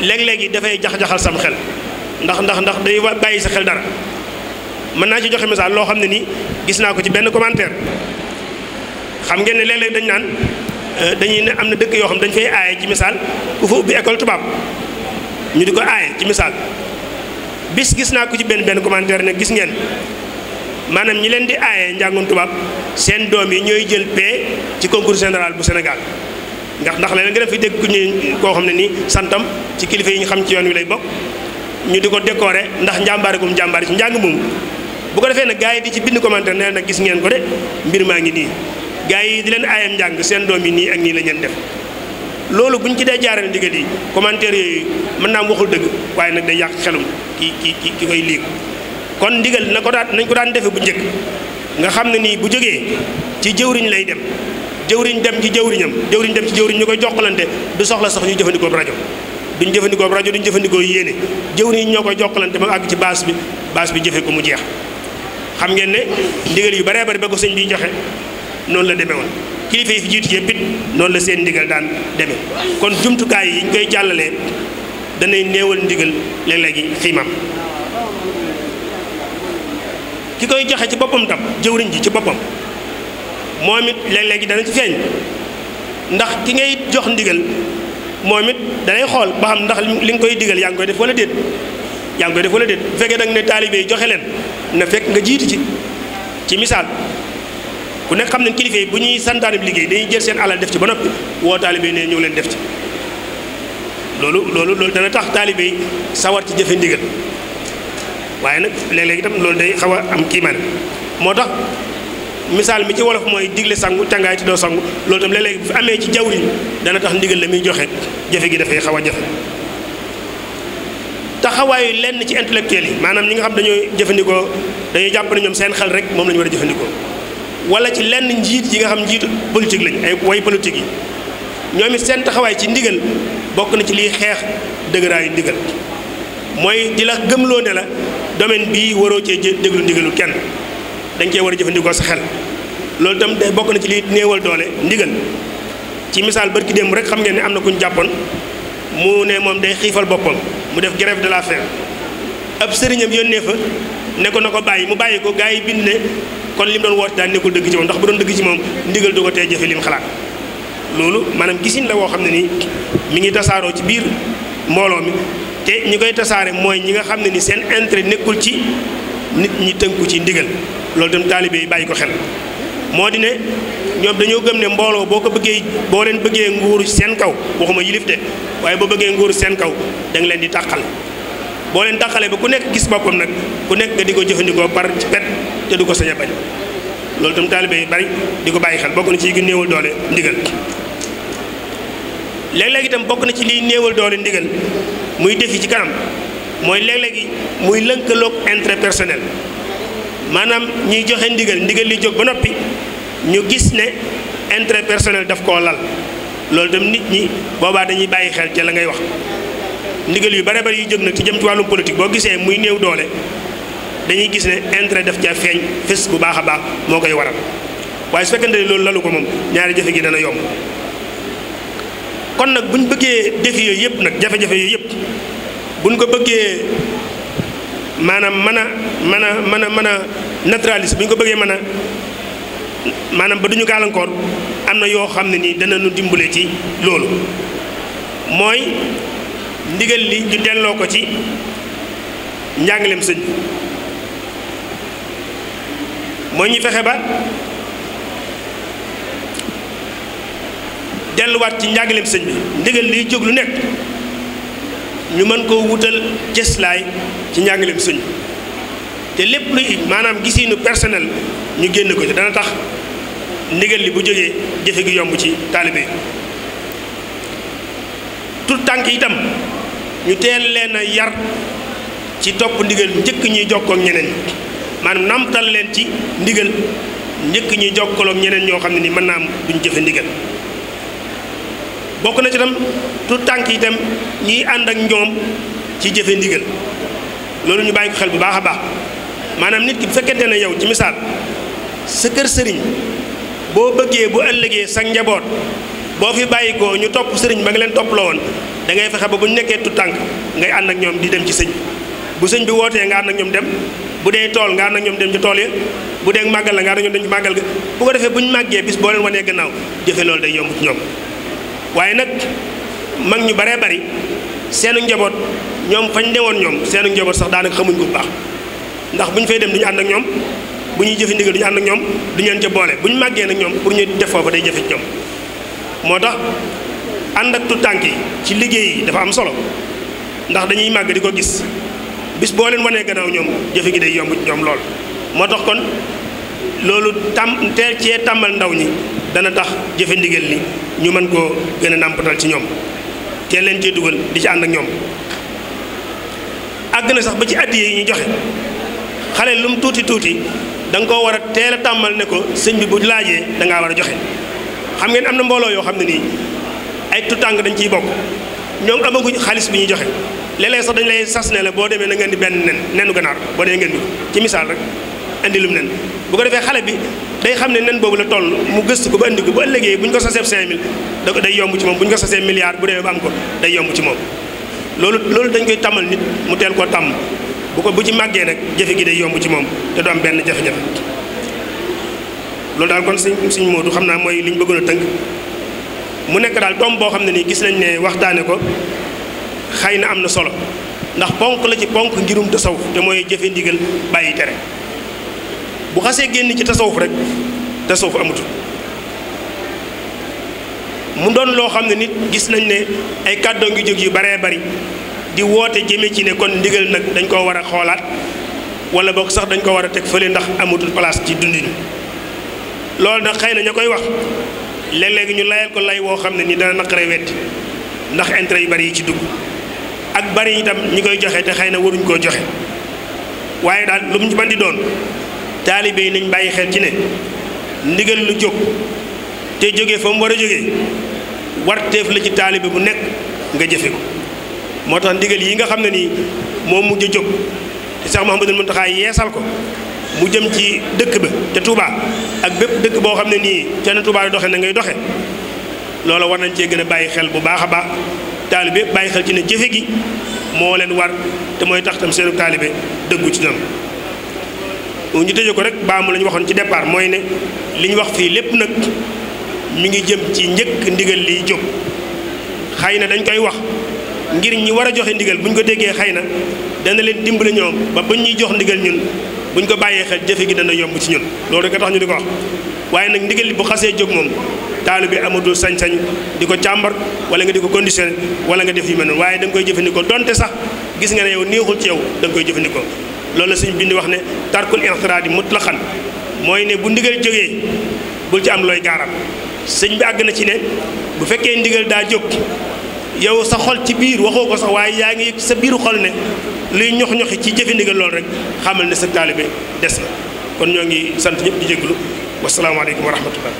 léeg-léeg yi dafay jax-jaxal sam xel ndax ndax ndax day bàyyi sa xel dara mën naa ci joxe misaal loo xam ne nii gis naa ko ci benn commentaire xam ngeen ne léeg-léeg dañu naan euh, dañuy ne am na dëkk yoo xam dañ fay aaye ci misaal ku fa ubbi école tubaab ñu di ko aaye ci misaal bis gis naa ko ci benn benn commentaire ne gis ngeen maanaam ñi leen di aaye njàngum tubaab seen doom yi ñooy jël paie ci concours général bu Sénégal ndax ndax la nga def fi dëgg ku ñu koo xam ne nii santam ci kilifa yi ñu xam ci yoon wi lay bokk ñu di ko décorer ndax njàmbaare gum njàmbaare ci njàng moomu bu ko defee nag gars yi di ci bind commentaire nee nag gis ngeen ko de mbir maa ngi nii gars yi di leen aayam njàng seen doom yi nii ak nii la ñeen def loolu buñ ci dee jaarale ndigal yi commentaire yooyu mën naa am waxul waaye nag day yàq xelum ki ki koy lii kon ndigal na ko daan nañ ko daan defee bu njëkk nga xam ne nii bu jógee ci jëwriñ lay dem jëwriñ dem ci jëwriñam jëwriñ dem ci jëwriñ ñu ko jokkalante du soxla sax ñu jëfandikoo rajo duñ jëfandikoo rajo duñ jëfandikoo yéene jëwriñ ñoo ko jokkalante ba àgg ci baas bi baas bi jëfe ko mu jeex xam ngeen ne ndigal yu baree bari ba ko sëñ bi joxe noonu la demee woon kilifa yi fi jiitu yëpp it noonu la seen ndigal daan demee kon jumtukaay yi ñu koy jàllalee danay néewal ndigal léeg-léegi xiimam ki koy joxe ci boppam tam jëwriñ ji ci boppam moom it léeg-léegi dana ci feeñ ndax ki ngay jox ndigal moom it danay xool ba xam ndax li nga koy digal yaa ngi koy def wala déet yaa ngi koy def wala déet bu fekkee danga ne taalibe joxe leen na fekk nga jiitu ci ci misaal ku nekk xam ne kilifa bu ñuy santaane bi liggéey dañuy jël seen alal def ci ba noppi woo taalibe yi ne ñëw leen def ci loolu loolu loolu dana tax taalibe sawar ci jëfe ndigal waaye nag léeg-léeg itam loolu day xaw a am kiimaan moo tax misaal mi ci wolof mooy digle sangu tàngaay ci doo sangu loolu tam léeg-léeg bu fi amee ci jawriñ dana tax ndigal la muy joxe jafe gi dafay xaw a jafe taxawaayu lenn ci intellectuel yi maanaam ñi nga xam dañoo jëfandikoo dañuy jàmp ne ñoom seen xel rek moom la war a jëfandikoo wala ci lenn njiit yi nga xam njiit politique lañ ay way politique yi ñoom seen taxawaay ci ndigal bokk na ci liy xeex dëgëraayu ndigal mooy di la la domaine bii waroo cee déglu ndigalul kenn dañ cee war a jëfandikoo sa xel loolu itam day bokk na ci lii néewal doole ndigal ci misaal barki démb rek xam ngeen ne am na ku ñu jàppoon mu ne moom day xiifal boppam mu def grève de la faim ab sëriñam yónnee fa ne ko na ko bàyyi mu bàyyi ko gars yi bind ne kon li mu doon woote daal nekkul dëgg ci moom ndax bu doon dëgg ci moom ndigal du ko tee jëfe li mu xalaat loolu maanaam gisin la woo xam ne nii mi ngi tasaaroo ci biir mbooloo mi te ñi koy tasaare mooy ñi nga xam ne ni seen intérêt nekkul ci nit ñi tënku ci ndigal loolu itam taalibe yi bàyyi ko xel moo di ne ñoom dañoo gëm ne mbooloo boo ko bëggee boo leen bëggee nguuru seen kaw waxuma yilif de waaye boo bëggee nguuru seen kaw da leen di tàqal boo leen tàqalee ba ku nekk gis boppam nag ku nekk di ko jëfandikoo bar ci te du ko sañ a bañ loolu itam taalibe yi bari di ko bàyyi xel bokk na ci yi néewal doole ndigal léeg-léeg itam bokk na ci liy néewal doole ndigal muy defi ci kanam mooy léeg-léegi muy lënkaloog intérêt personnel maanaam ñuy joxe ndigal ndigal li jóg ba noppi ñu gis ne intérêt personnel daf koo lal loolu dem nit ñi boobaa dañuy bàyyi xel ca la ngay wax ndigal yu bare bari yu jóg nag ci jëm ci wàllum politique boo gisee muy néew doole dañuy gis ne intérêt daf ca feeñ fés bu baax a baax moo koy waral waaye su fekkente loolu lalu ko moom ñaari jafe gi dana yomb kon nag bu ñu bëggee défi yooyu yëpp nag jafe-jafe yooyu yëpp bu ñu ko bëggee maanaam mën a mën a mën a mën a neutraliser bu ñu ko bëggee mën a maanaam ba duñu gàllankoor am na yoo xam ne nii dana nu dimbale ci loolu mooy ndigal li ñu delloo ko ci njàngaleem sëñ mooy ñu fexe ba delluwaat ci njàngaleem sëñ bi ndigal liy jóg lu nekk ñu mën koo wutal cëslaay ci njàngaleem sëñ te lépp luy maanaam gisiinu personel ñu génn ko ci dana tax ndigal li bu jógee jëfe gi yomb ci taalibe tout tànk itam ñu teel leen a yar ci topp ndigal njëkk ñuy jokkoo ñeneen maanaam namtal leen ci ndigal njëkk ñuy jokkaloo ak ñeneen ñoo xam ne ni mën naa am duñ jëfe ndigal bokk na ci tam tu tànk yi dem ñiy ànd ak ñoom ci jëfe ndigal loolu ñu bàyyi ko xel bu baax a baax maanaam nit ki bu fekkente ne yow ci misaal sa kër sëriñ boo bëggee bu ëllëgee sa njaboot boo fi bàyyi ko ñu topp sëriñ ba nga leen topp la woon da fexe ba bu ñu nekkee tu tànk ngay ànd ak ñoom di dem ci sëñ bu sëñ bi wootee nga ànd ak ñoom dem bu dee tool nga ànd ak ñoom dem ci tool ya bu dee màggal la nga ànd ak ñoom dem ci màggal ga bu ko defee bu ñu màggee bis boo leen wanee gannaaw jëfe loolu day yomb ñoom waaye nag mag ñu baree bari seenu njaboot ñoom fañ demoon ñoom seenu njaboot sax daanaka xamuñ bu baax ndax bu ñu fay dem duñu ànd ak ñoom bu ñuy jëfe ndigal du ñu ànd ak ñoom du ñu ca boole bu ñu màggee nag ñoom pour ñu def foofa day jafe ñoom moo tax ànd ak tuttànk yi ci liggéey yi dafa am solo ndax dañuy màgg di ko gis bis boo leen wanee gannaaw ñoom jëfe gi day yomb ñoom lool moo tax kon loolu tam teel cee tàmbal ndaw ñi dana tax jëfe ndigal li ñu mën koo gën a nàmpatal ci ñoom teel leen cee dugal di ci ànd ak ñoom àgg na sax ba ci addiya yi ñu joxe xale lu tuuti tuuti danga koo war a teel a tàmmal ne ko sëñ bi bu laajee danga war a joxe xam ngeen am na mbooloo yoo xam ne nii ay tutàng dañ ciy bokk ñoom amaguñ xaalis bi ñu joxe léeg-léeg sax dañ lay sas ne la boo demee na ngeen di benn nen nenu ganaar boo dee ngeen di ci misaal rek. andilum nen bu ko defee xale bi day xam ne nen boobu la toll mu gëstu ko ba indi ko bu ëllëgee bu ñu ko sasee 5000 da ko day yomb ci moom bu ñu ko sasee milliard bu demee ba am ko day yomb ci moom loolu loolu dañ koy tàmmal nit mu teel koo tàmm bu ko bu ci màggee nag jafe gi day yomb ci moom te benn jafe loolu daal kon suñ suñ moodu xam naa mooy liñ ñu bëggoon a tënk mu nekk daal tomb boo xam ne nii gis nañ ne waxtaane ko xëy na am na solo ndax ponk la ci ponk ngirum tasawuf te mooy jëfe ndigal bàyyi tere bu xasee génn ci tasawuf rek tasawuf amatul mu doon loo xam ne nit gis nañ ne ay kàddoo ngi jóg yu baree bari di woote jëme ci ne kon ndigal nag dañ koo war a xoolaat wala boog sax dañ ko war a teg fële ndax amatul place ci dundin loolu nag xëy na ña koy wax léeg-léeg ñu layal ko lay woo xam ne ni dana naqare wetti ndax intérêt yu bari yi ci dugg ak bari itam ñi koy joxe te xay na waruñ koo joxe waaye daal lu mu ci mën doon taalibe yi nañ bàyyi xel ci ne ndigal lu jóg te jóge fa mu war a jóge warteef la ci taalibe bu nekk nga jëfe ko moo tax ndigal yi nga xam ne nii moo mujj a jóg te sax Mouhamadul Mountakha yeesal ko mu jëm ci dëkk ba te Touba ak bépp dëkk boo xam ne nii ca na yi doxe na ngay doxe loola war nañ cee gën a bàyyi xel bu baax a baax taalibe bàyyi xel ci ne jëfe gi moo leen war te mooy tax tam seenu taalibe dëggu ci ñoom ñu tëjee ko rek baamu la ñu waxoon ci départ mooy ne li ñu wax fii lépp nag mi ngi jëm ci njëkk ndigal liy jóg xay na dañ koy wax ngir ñi war a joxe ndigal bu ñu ko déggee xay na dana leen dimbali ñoom ba buñ ñuy jox ndigal ñun buñ ko bàyyee xel jëfe gi dana yomb ci ñun loolu rek a tax ñu di ko wax waaye nag ndigal li bu xasee jóg moom bi amatul sañ-sañ di ko càmbar wala nga di ko conditionné wala nga def yi mel noonu waaye da koy jëfandikoo donte sax gis nga ne yow neexul ci yow da koy jëfandikoo loolu la suñ bind wax ne tarkul inxiraadi mutlaqan mooy ne bu ndigal jógee bul ci am looy gaaral sëñ bi àgg na ci ne bu fekkee ndigal daa jóg yow sa xol ci biir waxoo ko sax waaye yaa ngi sa biiru xol ne luy ñox ñoxi ci jëfe ndigal loolu rek xamal ne sa taalibe des na kon ñoo ngi sant ñëpp di jéglu wasalaamaaleykum wa rahmatullah